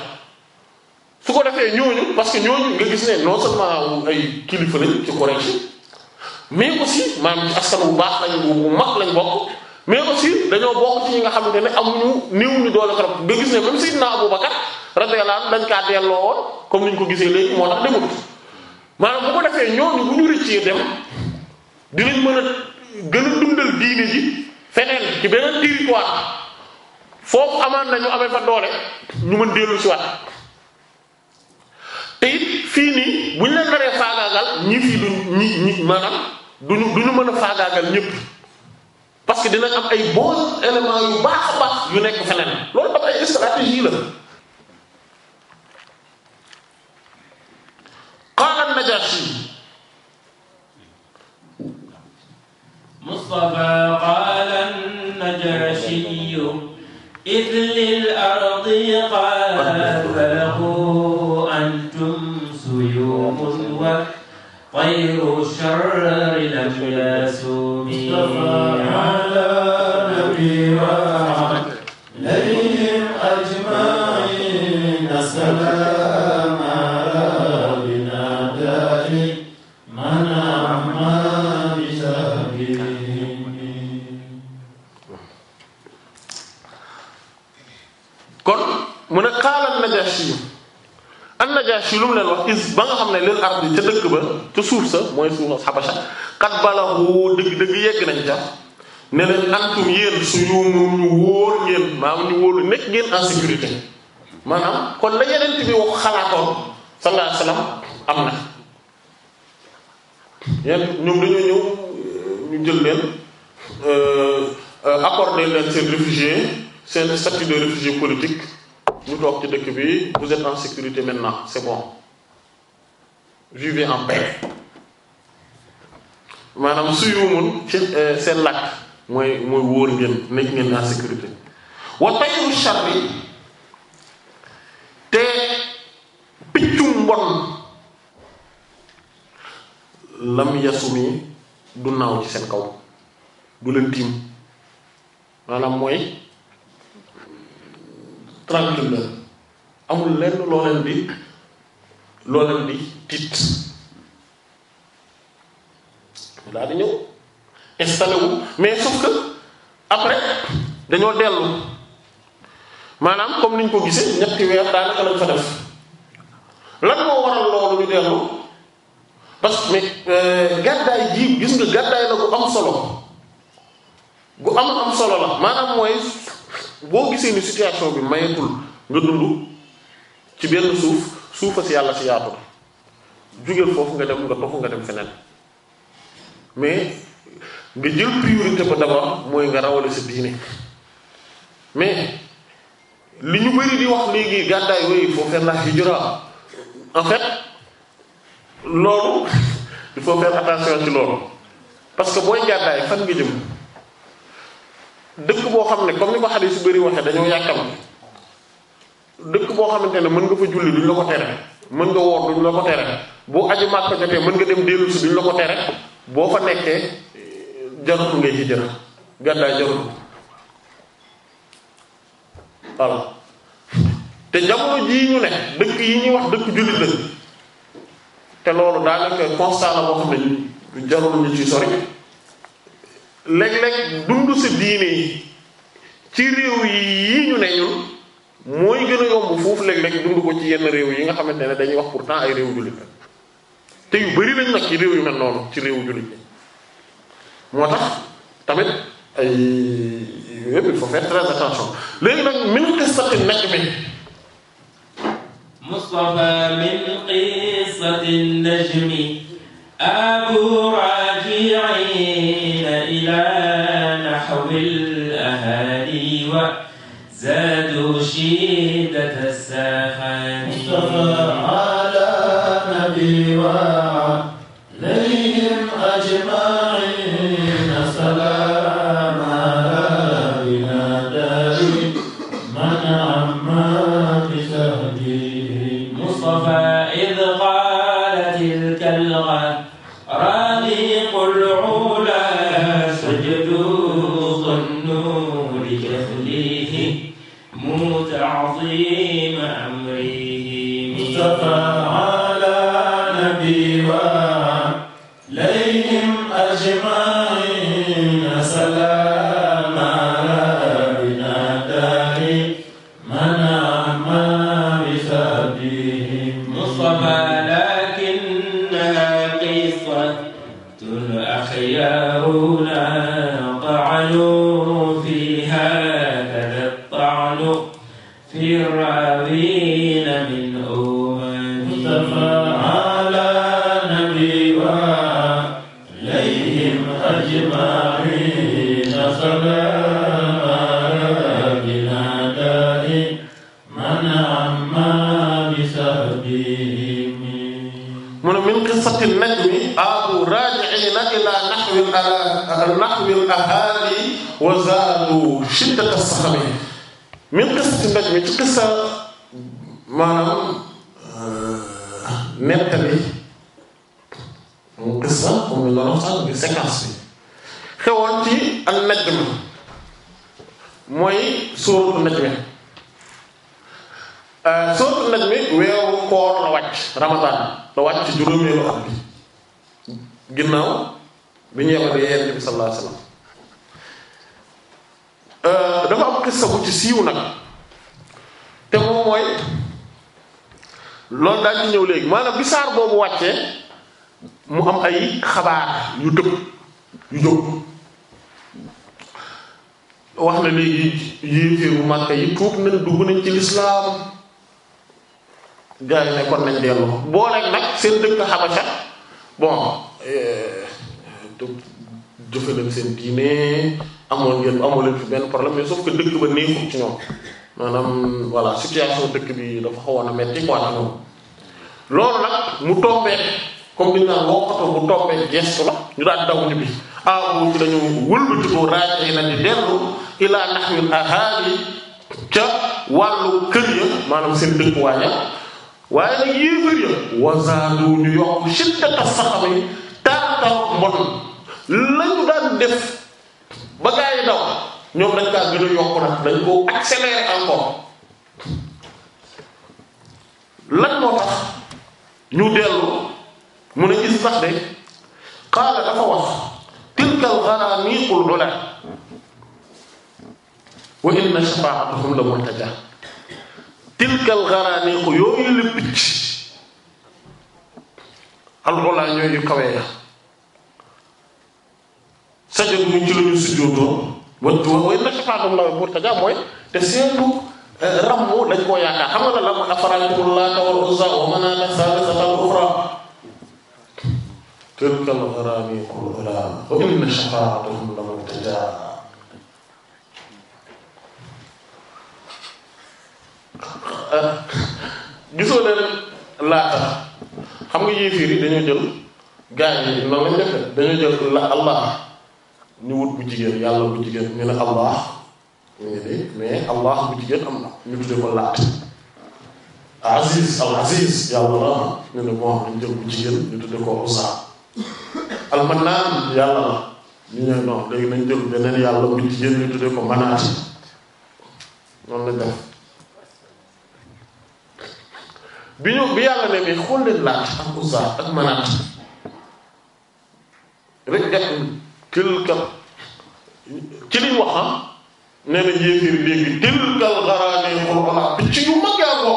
su ko defee ñooñu parce que ñooñu nga gis ne non seulement ay kilifa lañ ci Quraysh mais aussi maanaam ci askan bu baax lañ bu mag lañ bokk mais aussi dañoo bokk ci ñi nga xamante ne amuñu néew ñu ñu doole trop nga gis ne même Seydina Abubakar radiyallahu anhu dañ kaa delloo woon comme ni ñu ko gisee léegi moo tax demut maanaam bu ko defee ñooñu ñu rëccee dem dinañ mën a gën a dundal diine ji feneen ci beneen territoire foofu amaan nañu amee fa doole ñu mën dellu si waat te fii nii bu ñu leen naree faagaagal ñi fii ñi ñi maanaam duñu du ñu mën a faagaagal ñëpp parce que dina am ay bon élément yu baax baax yu nekk feneen loolu dafa ay stratégie la qaala najashi mustafa qaala najashi id lil ardi qaala هو خير الشر لم يسومي على نبي وعليهم أجمعين السلام Quraysh yi lu mu leen wax is ba nga xam ne lil ardi ca dëkk ba ca suuf sa mooy suuf xabasha xat balahu dëgg dëgg yegg nañ ca ne leen antum yéen su ñu ñu wóor ngeen maam ñu wóolu nekk ngeen en sécurité maanaam kon la yeneen bi wax xalaatoon sallallahu alayhi wasallam am na yéen ñoom dañoo ñëw ñu jël leen euh, euh, accorder leen seen réfugié seen statut de réfugié politique ñu toog ci dëkk bi vous êtes en sécurité maintenant c'est bon vivez en paix maanaam suyumun ci euh, seen làkk mooy mooy wóor ngeen nekk ngeen en sécurité wa tayru sharri te piccum mbon lam yasumi du naaw ci seen kaw du leen tiim maanaam mooy tranquille la amul lenn loo leen di loo leen di tiit daal di ñëw wu mais sauf que après dañoo dellu maanaam comme niñ ko gisee ñetti weer daanaka lañ fa def lan moo waral loolu ñu dellu parce que euh, gàddaay ji gis nga gàddaay la gu am solo gu am am solo la maanaam mooy boo gisee ni situation bi mayetul nga dund ci benn suuf suufa si yàlla si yaatu jugeel foofu nga dem nga toxu nga dem feneen mais nga jël priorité ba d'abord mooy nga rawale sa diine mais li ñu bari di wax léegi gàddaay wéy faut faire la hijra en fait loolu il faut faire attention ci loolu parce que booy gàddaay fan nga jëm dëkk boo xam ne comme ni ko xadis bëri waxee dañoo yàkkam dëkk boo xamante ne mën nga fa julli duñ la ko tere mën nga woor duñ la ko tere boo aji mën nga dem dellu si la ko tere boo fa nekkee jarutu ngay hijra gàddaay jarutu waaw te jamono jii ñu ne dëkk yi ñuy wax dëkk jullit la te loolu daanaka constat la boo xam ne jarul ñu ci sori léeg-léeg dund si diine yi ci réew yi ñu ne ñun mooy gën a yomb foofu léeg-léeg dund ko ci yenn réew yi nga xamante ne dañuy wax pourtant ay réew jullit la te yu bari lañ nag ci réew yu mel noonu ci réew jullit yi moo tax tamit ay yépp il faut faire très attention léegi nag min qissati najmi Mustafa min qissati najmi أبو راجعين إلى نحو الأهالي وزادوا شدة السخان صلى على نبي وآله الراجعين إلى نحو نحو الأهالي وزادوا شدة الصخب من قصة النجم ci qissa maanaam nettali qissa comme ni loolu sax bi séquence bi xewoon ci an-Najm mooy suuratu Najm suuratu Najm weeru koor la wàcc Ramadan la wàcc ci juróomeelu at ginnaaw bi ñu yebalee yonent bi sallallahu alayhi wasallam euh, dafa am xissa bu ci siiw nag te moom mooy loolu daal di ñëw léegi maanaam bi boo boobu wàccee mu am ay xabaar yu dëpp yu jóg wax na léegi yéeféeru Màkka yi tuub nañ dugg nañ ci lislaam gars yi ne kon nañ dellu boo rek nag seen dëkk Xabasa bon du jëfe leen seen diine amoon ngeen amoo leen fi benn problème mais sauf que dëkk ba neexul ci ñoom maanaam voilà situation dëkk bi dafa xawoon a metti quoi ci ñoom loolu nag mu tombee comme li ñu naan woo oto bu la ñu daal di ah, yi tawak bon daan def ba daw ñoom dañ kaa gën a yokk nag dañ koo accélérer encore lan moo ñu dellu mu ne gis sax de qaala dafa wax tilka al-gharaniqul ula wa inna shafa'atuhum la muntaja tilka al-gharaniq yooyu li al ula ñooyu kawe sajadu mu ci la ñu sujjóotoo way nashafatum law murtaja mooy te eh, rammu dañ koo yaakaar xam nga la lam afaraytum laata wal uzza wa manaata saalisata al uxra tilka al eh, laata xam nga yéefiir yi dañoo jël gaa yi noonu lañ def dañoo allah ni wut bu jigéen yàlla bu jigéen ñu ne allah ñu ngi dégg mais allah bu jigéen am na ñu tuddee ko laat aziz al aziz yàlla ñu ne moo xam ñu bu jigéen ñu tuddee ko usa al manaan yàlla la ñu ne non léegi nañ jël beneen yàlla bu jigéen ñu tuddee ko manaati noonu lañ def bi ñu bi yàlla ne mais xool leen laat ak usa ak manaat rek def tilkal ci liñ wax ah nee na léegi tilkal garaane qur'ana picc yu mag yaa ko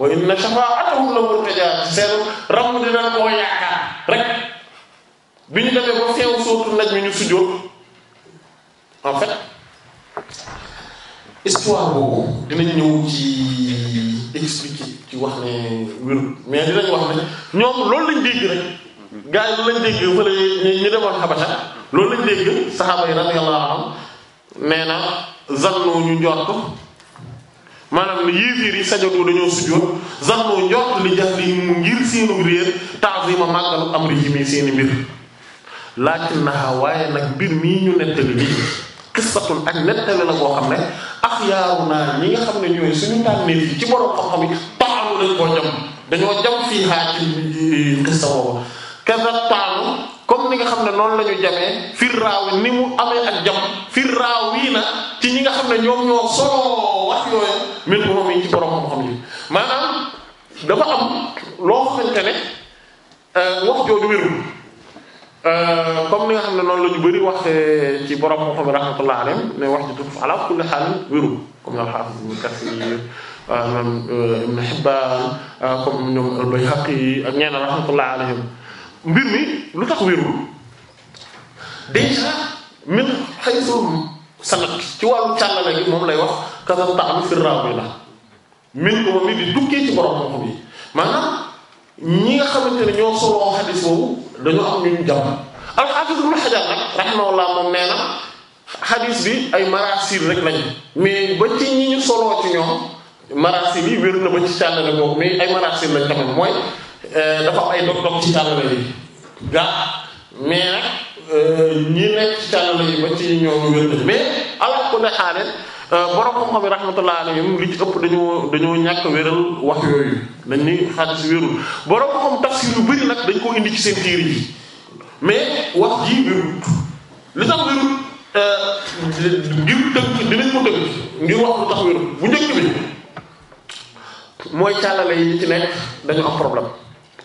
wa inna shafaa'atahum la murtajaa seen ramm dinañ koo yaakaar rek bi ñu demee ba feew sootu naj mi ñu sujjóot en fait histoire boobu dinañ ñëw ci expliquer ci wax ne wéru mais dinañ wax ne ñoom loolu lañ rek gaa yi lañ dégg fële ñu demoon xabata loolu lañ dégg saxaaba yi radiyallahu anhum nee na zannu ñu njort maanaam ne yéeféer yi sajadoo dañoo sujjóot zannu njort li jahlihim mu ngir seenu réer ta'zima màggalu amrihim yi seeni mbir lakinnaha waaye nag mbir mii ñu nettali bi qissatun ak nettali la koo xam ne axyaaruna ñi nga xam ne ñooy suñu tànnéef yi ci borom xam-xam yi taxawu lañ koo jam dañoo jam fii xaar ci qissa boobu kazattaalu comme ni nga xam ne noonu la jamee firraawi ni mu amee ak jam firraawi na ci ñi nga xam ne ñoom ñoo solo wax yooyu min borom yi ci am loo xamante ne euh, wax euh, nga xam ne noonu la ñu bëri waxee ci borom xam ne rahmatullah alayhim ne ji dafa ala kulli xaal wérul comme al-Hafiz Ibn Kathir imam euh, Ibn Hibban comme ñoom al-Bayhaqi ak ñeneen rahmatullah alayhim mbir mi lu tax wérul déjà min haythu sanad ci wàllu càllale gi moom lay wax kasam taxam fi raaw yi la min ko moom mi di dukkee ci borom xam-xam yi maanaam ñi nga xamante ne ñoo soloo xadis boobu dañoo am ñu ñu jàpp al xadis bi ay marasil rek lañu mais ba ci ñi ñu soloo ci ñoom marasil yi wér na ba ci càllale boobu mais ay marasil lañ tamit mooy Euh, dafa am ay dog-dog ci càllale yi gaa mais nag euh, ñii nekk ci càllale yi ba ci ñoom wér nañu mais alal ku xaale euh, borom xam-xam yi rahmatullah alayhim li ci ëpp dañoo dañoo ñàkk wéral wax yooyu dañ ni xaalis wérul borom xam tafsir yu bëri nag dañ koo indi ci seen tiir yi mais wax ji wérut li tax wérut ngir tënk dinañ ko ngir wax lu tax wérut bu njëkk bi mooy càllale yi ci nekk dañu am problème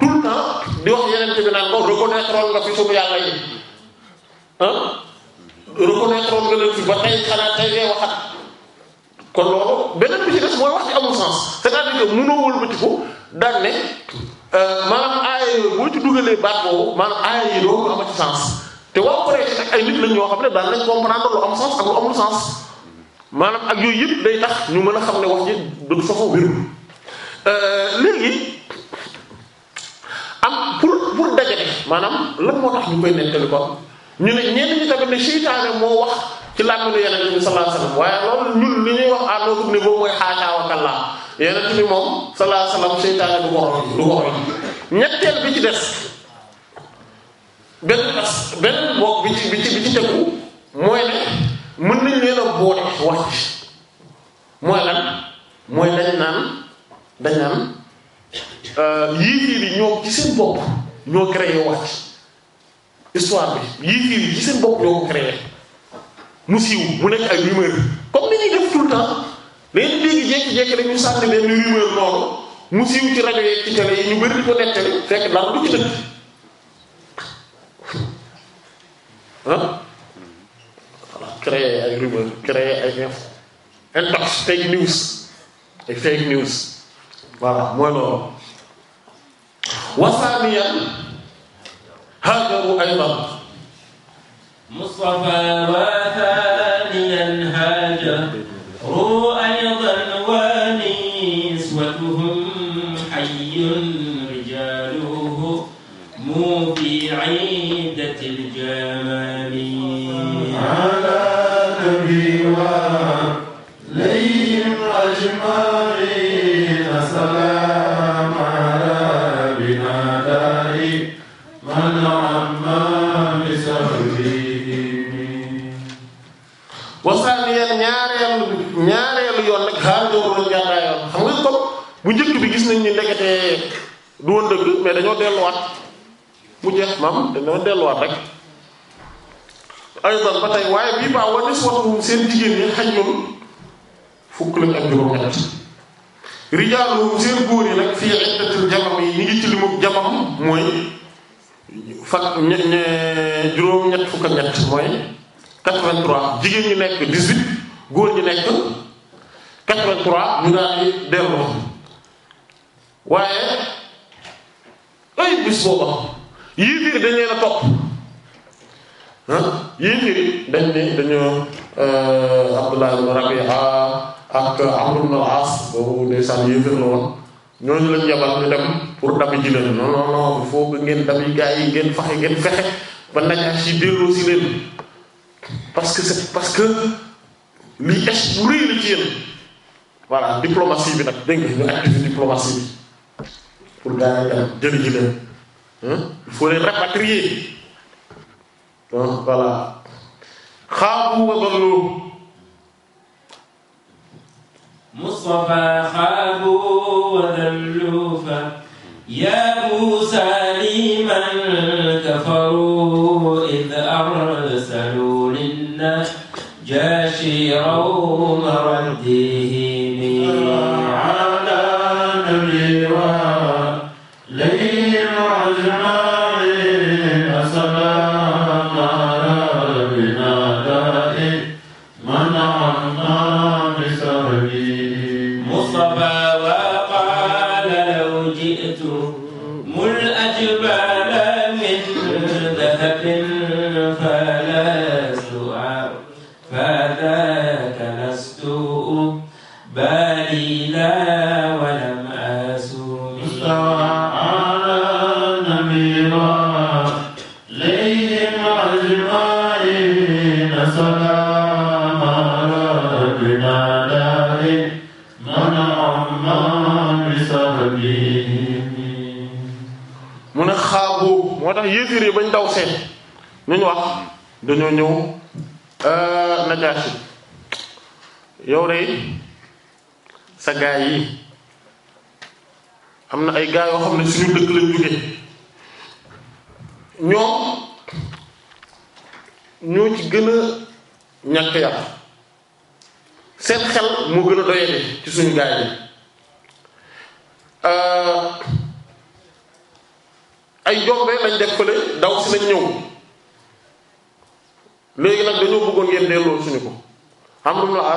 tout le temps di wax yeneen ci bi naan ko reconnaître nga fi suñu yàlla yi ah nga leen fi ba tey xanaa tey ngay waxat kon loolu beneen bi ci des mooy wax ci amul sens c'est-à-dire que euh, te waa Quraysh ci ay nit lañ ñoo xam ne daal nañ comprendre lu am sens ak lu amul sens maanaam ak yooyu yëpp day tax ñu mën a xam ne wax ji du soxla wér euh, léegi. am pour pour dajale maanaam lan moo tax ñu koy nettali ko ñu ne ñenn ñi tamit seytaane moo wax ci làmmiñu yonent bi sallallahu alayhi wasallam waaye loolu ñun li ñuy wax à notre niveau mooy haasha wa kallaa yonent bi moom sallallahu alayhi wasallam seytaane du ko roy ñetteel bi ci des benn benn bi ci bi ci bi mooy ne mën nañ leen a wax mooy lan mooy dañ naan dañ naan. yéeféer euh, yi ñoom ci seen bopp ñoo créé wàcc histoire bi yéeféer yi ci seen bopp ñoo ko créé mu siiw mu nekk ay rumeur comme ni ñuy def tout le temps léegi léegi sànni leen rumeur noonu mu siiw ci rajo yi ci télé yi ñu bari di ko nettali fekk dara du ci dëgg ah ay rumeur créer ay info fake news ay fake news voilà mooy loolu wasaaniyan haajaru aydan mustafa wa thaniyan haajaru aydan wa niswatuhum hayyun rijaluhu mubi iidatil jamal dëgg bi gis nañ ni ndekete du woon mais dañoo delluwaat mu jeex maam dañoo delluwaat rek aydan ba tey waaye bii baa wa seen jigéen ñi xaj ñun fukk lañ ak juróom-ñett rijaaluhum seen fukk ak ñett mooy 83 jigéen ñi nekk 18 góor ñi nekk 83 ñu daal di waaye ay bis booba yéeféer dañ leen a topp ah, yéeféer dañ ne dañoo euh, Abdullah ibn Rabi'a ak Amr ibn al-As boobu ndeysaan yéeféer la woon ñooñu lañ yabal ñu dem pour dabi ji leen non non non que ngeen dabi gaa yi ngeen faxe ngeen fexe ba najaas yi delloo si leen parce que c'est parce que li es la ci yéen voilà diplomatie bi nag dégg ñu activé diplomatie bi pour gars yi dem jëli ji leen hmm? il faut leen rapatrier donc voilà xaabu wa dallu Mustafa xaabu wa dallu fa ya Musa liman kafaru id arsalu linnajashi rawma raddi lu ñu wax dañoo ñëw euh, Najaasi yow rey sa gaay yi am na ay gaay yoo xam ne suñu dëkk lañ jóge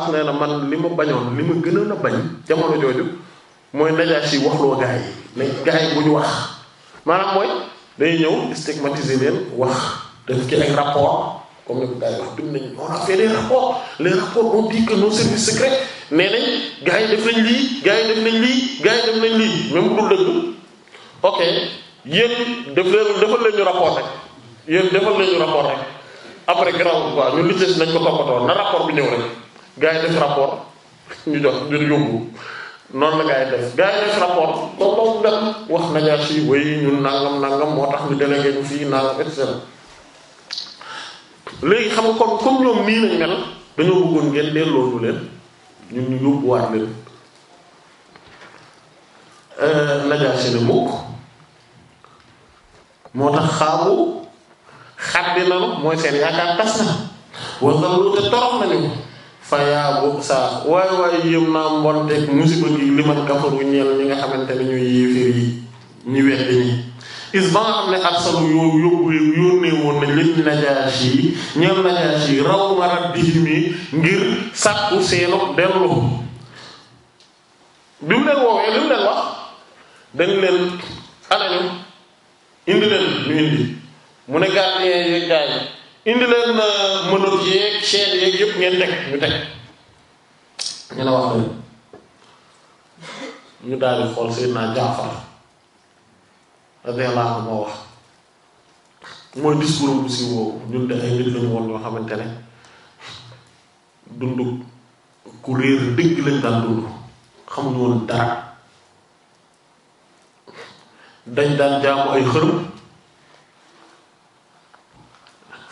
Abbas na man li ma bañoon li ma gënoon a bañ jamono jooju mooy Najaasi waxloo gaay yi ne gaay yi bu ñu wax maanaam mooy day ñëw stigmatiser leen wax def ci ay rapport comme ni ko gars yi wax bind nañu a fait des rapports les rapports ont dit que nos services secrets nee nañ gars yi def nañ lii gars yi def nañ lii gars yi def dul dëgg ok yéen def leen defal leen ñu rapport rek yéen defal leen ñu rapport rek après grand quoi ñun li ci nañ ko toppatoo na rapport bi ñëw rek gars yi def rapport ñu jox ñu yóbbu noonu la gars def rapport comme moom wax na jaar si way ñun nangam nangam moo tax ñu délégué ñu fii nangam et cetera léegi xam nga comme comme ñoom nii lañ mel dañoo bëggoon ngeen delloo leen ñun yóbbuwaat leen. Euh, najaasi ne mukk moo tax xaabu xaddi nanu mooy seen yaakaar tas na wala lu te torox nañu fa yaa bu'sa waay waay yéem naa mbonteeg musiba gi liman kafaru ñeel ñi nga xamante ne ñooy yéeféer yi ñu weddi ñi is ba nga xam ne arsalu yooyu yóbbu yónnee woon na lin Najaashi yi ñeel Najaashi yi raw marat dihimi ngir sàkku seenu dellu bi mu leen woowee li mu leen wax dañ leen anañu indi leen ñu indi mu ne gardien yi gaay indi leen euh, mënul yeeg chaîne yeeg ngeen teg ñu teg ñu ne wax nañu ñu daal di xool Seydina Jaafar radiyallahu anhu moo wax mooy discours bu si woowu ñun de ay nit lañu woon ñoo xamante ne dundu ku réer dëgg lañ daan dund xamuñu woon dara dañ daan jaamu ay xërëm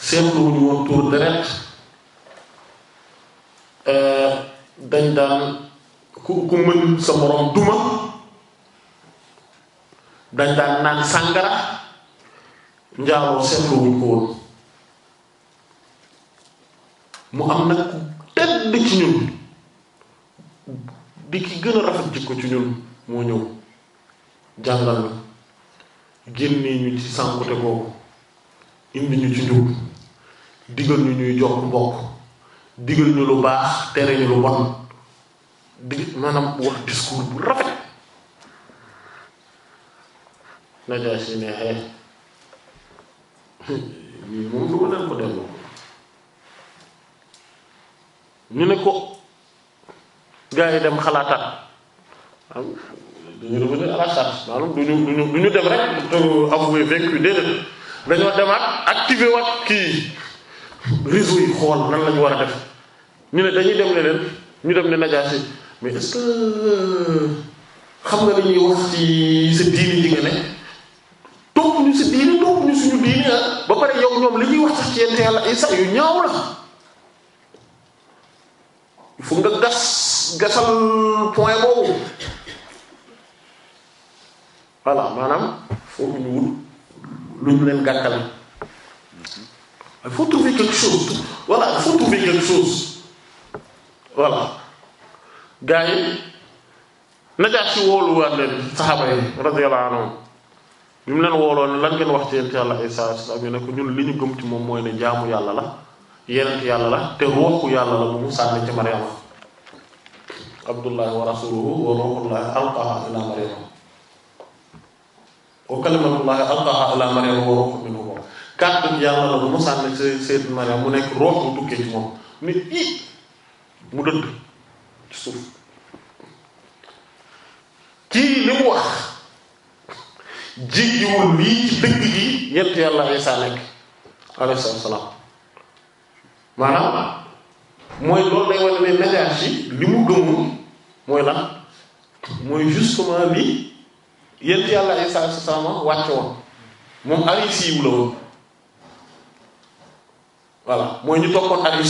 seetlu woon tuur deret euh, dañ daan ku ku mën sa moroom duma dañ daan naan sàngara njaaloo seetlu ko woon mu am nag tedd ci ñun di ki gën a rafet jikko ci ñun moo ñëw jàngal na génnee ñu ci sànkute boobu indi ñu ci njub digal ñu ñuy jox mbokk digal ñu lu baax tere ñu lu bon di maanaam wax discours bu rafet Najaasi ne xee eh, ñii moom lu ko delloo ko gaa yi dem xalaataat lu dañu revenir à la charge maanaam du ñu du ñu dem rek avouer vaincu kii réseau yi xool nan lañu war a def ñu ne dañuy dem ne leen ñu dem ne Najaasi mais est euh, xam nga dañuy wax ci sa diini ji topp ñu sa diini topp ñu suñu diini ah ba pare yow ñoom li ñuy wax sax ci yenn ay sax yu ñaaw la il nga gas gasal point boobu voilà maanaam foofu ñu wul lu ñu leen gàttal. Il faut trouver quelque chose. Voilà, il faut trouver quelque chose. voilà gars yi Najaasi wooluwaat leen saxaaba leen wooloon lan ngeen wax ci yonent yi ne ko ñun li ñu gëm ci moom mooy ne jaamu yàlla la yonent yàlla la te ruuxu yàlla la bu mu sànni ci Maryama abdullahi wa rasuluhu wa ruuhullahi alqaha ila Maryama wa kalimatullahi alqaha ila kàddu yàlla la bu mu sànni ci Sayyidatu mu nekk roox bu tukkee ci moom ne i mu dëdd suuf kii li mu wax jéggiwul lii ci dëgg gi yent yàlla Isaa nekk alayhi salaam maanaam mooy loolu day wane ne Najaashi li mu gëmul mooy lan mooy justement lii yent yàlla saa salaam wàcce woon moom ari siiw la woon voilà mooy ñu toppoon ak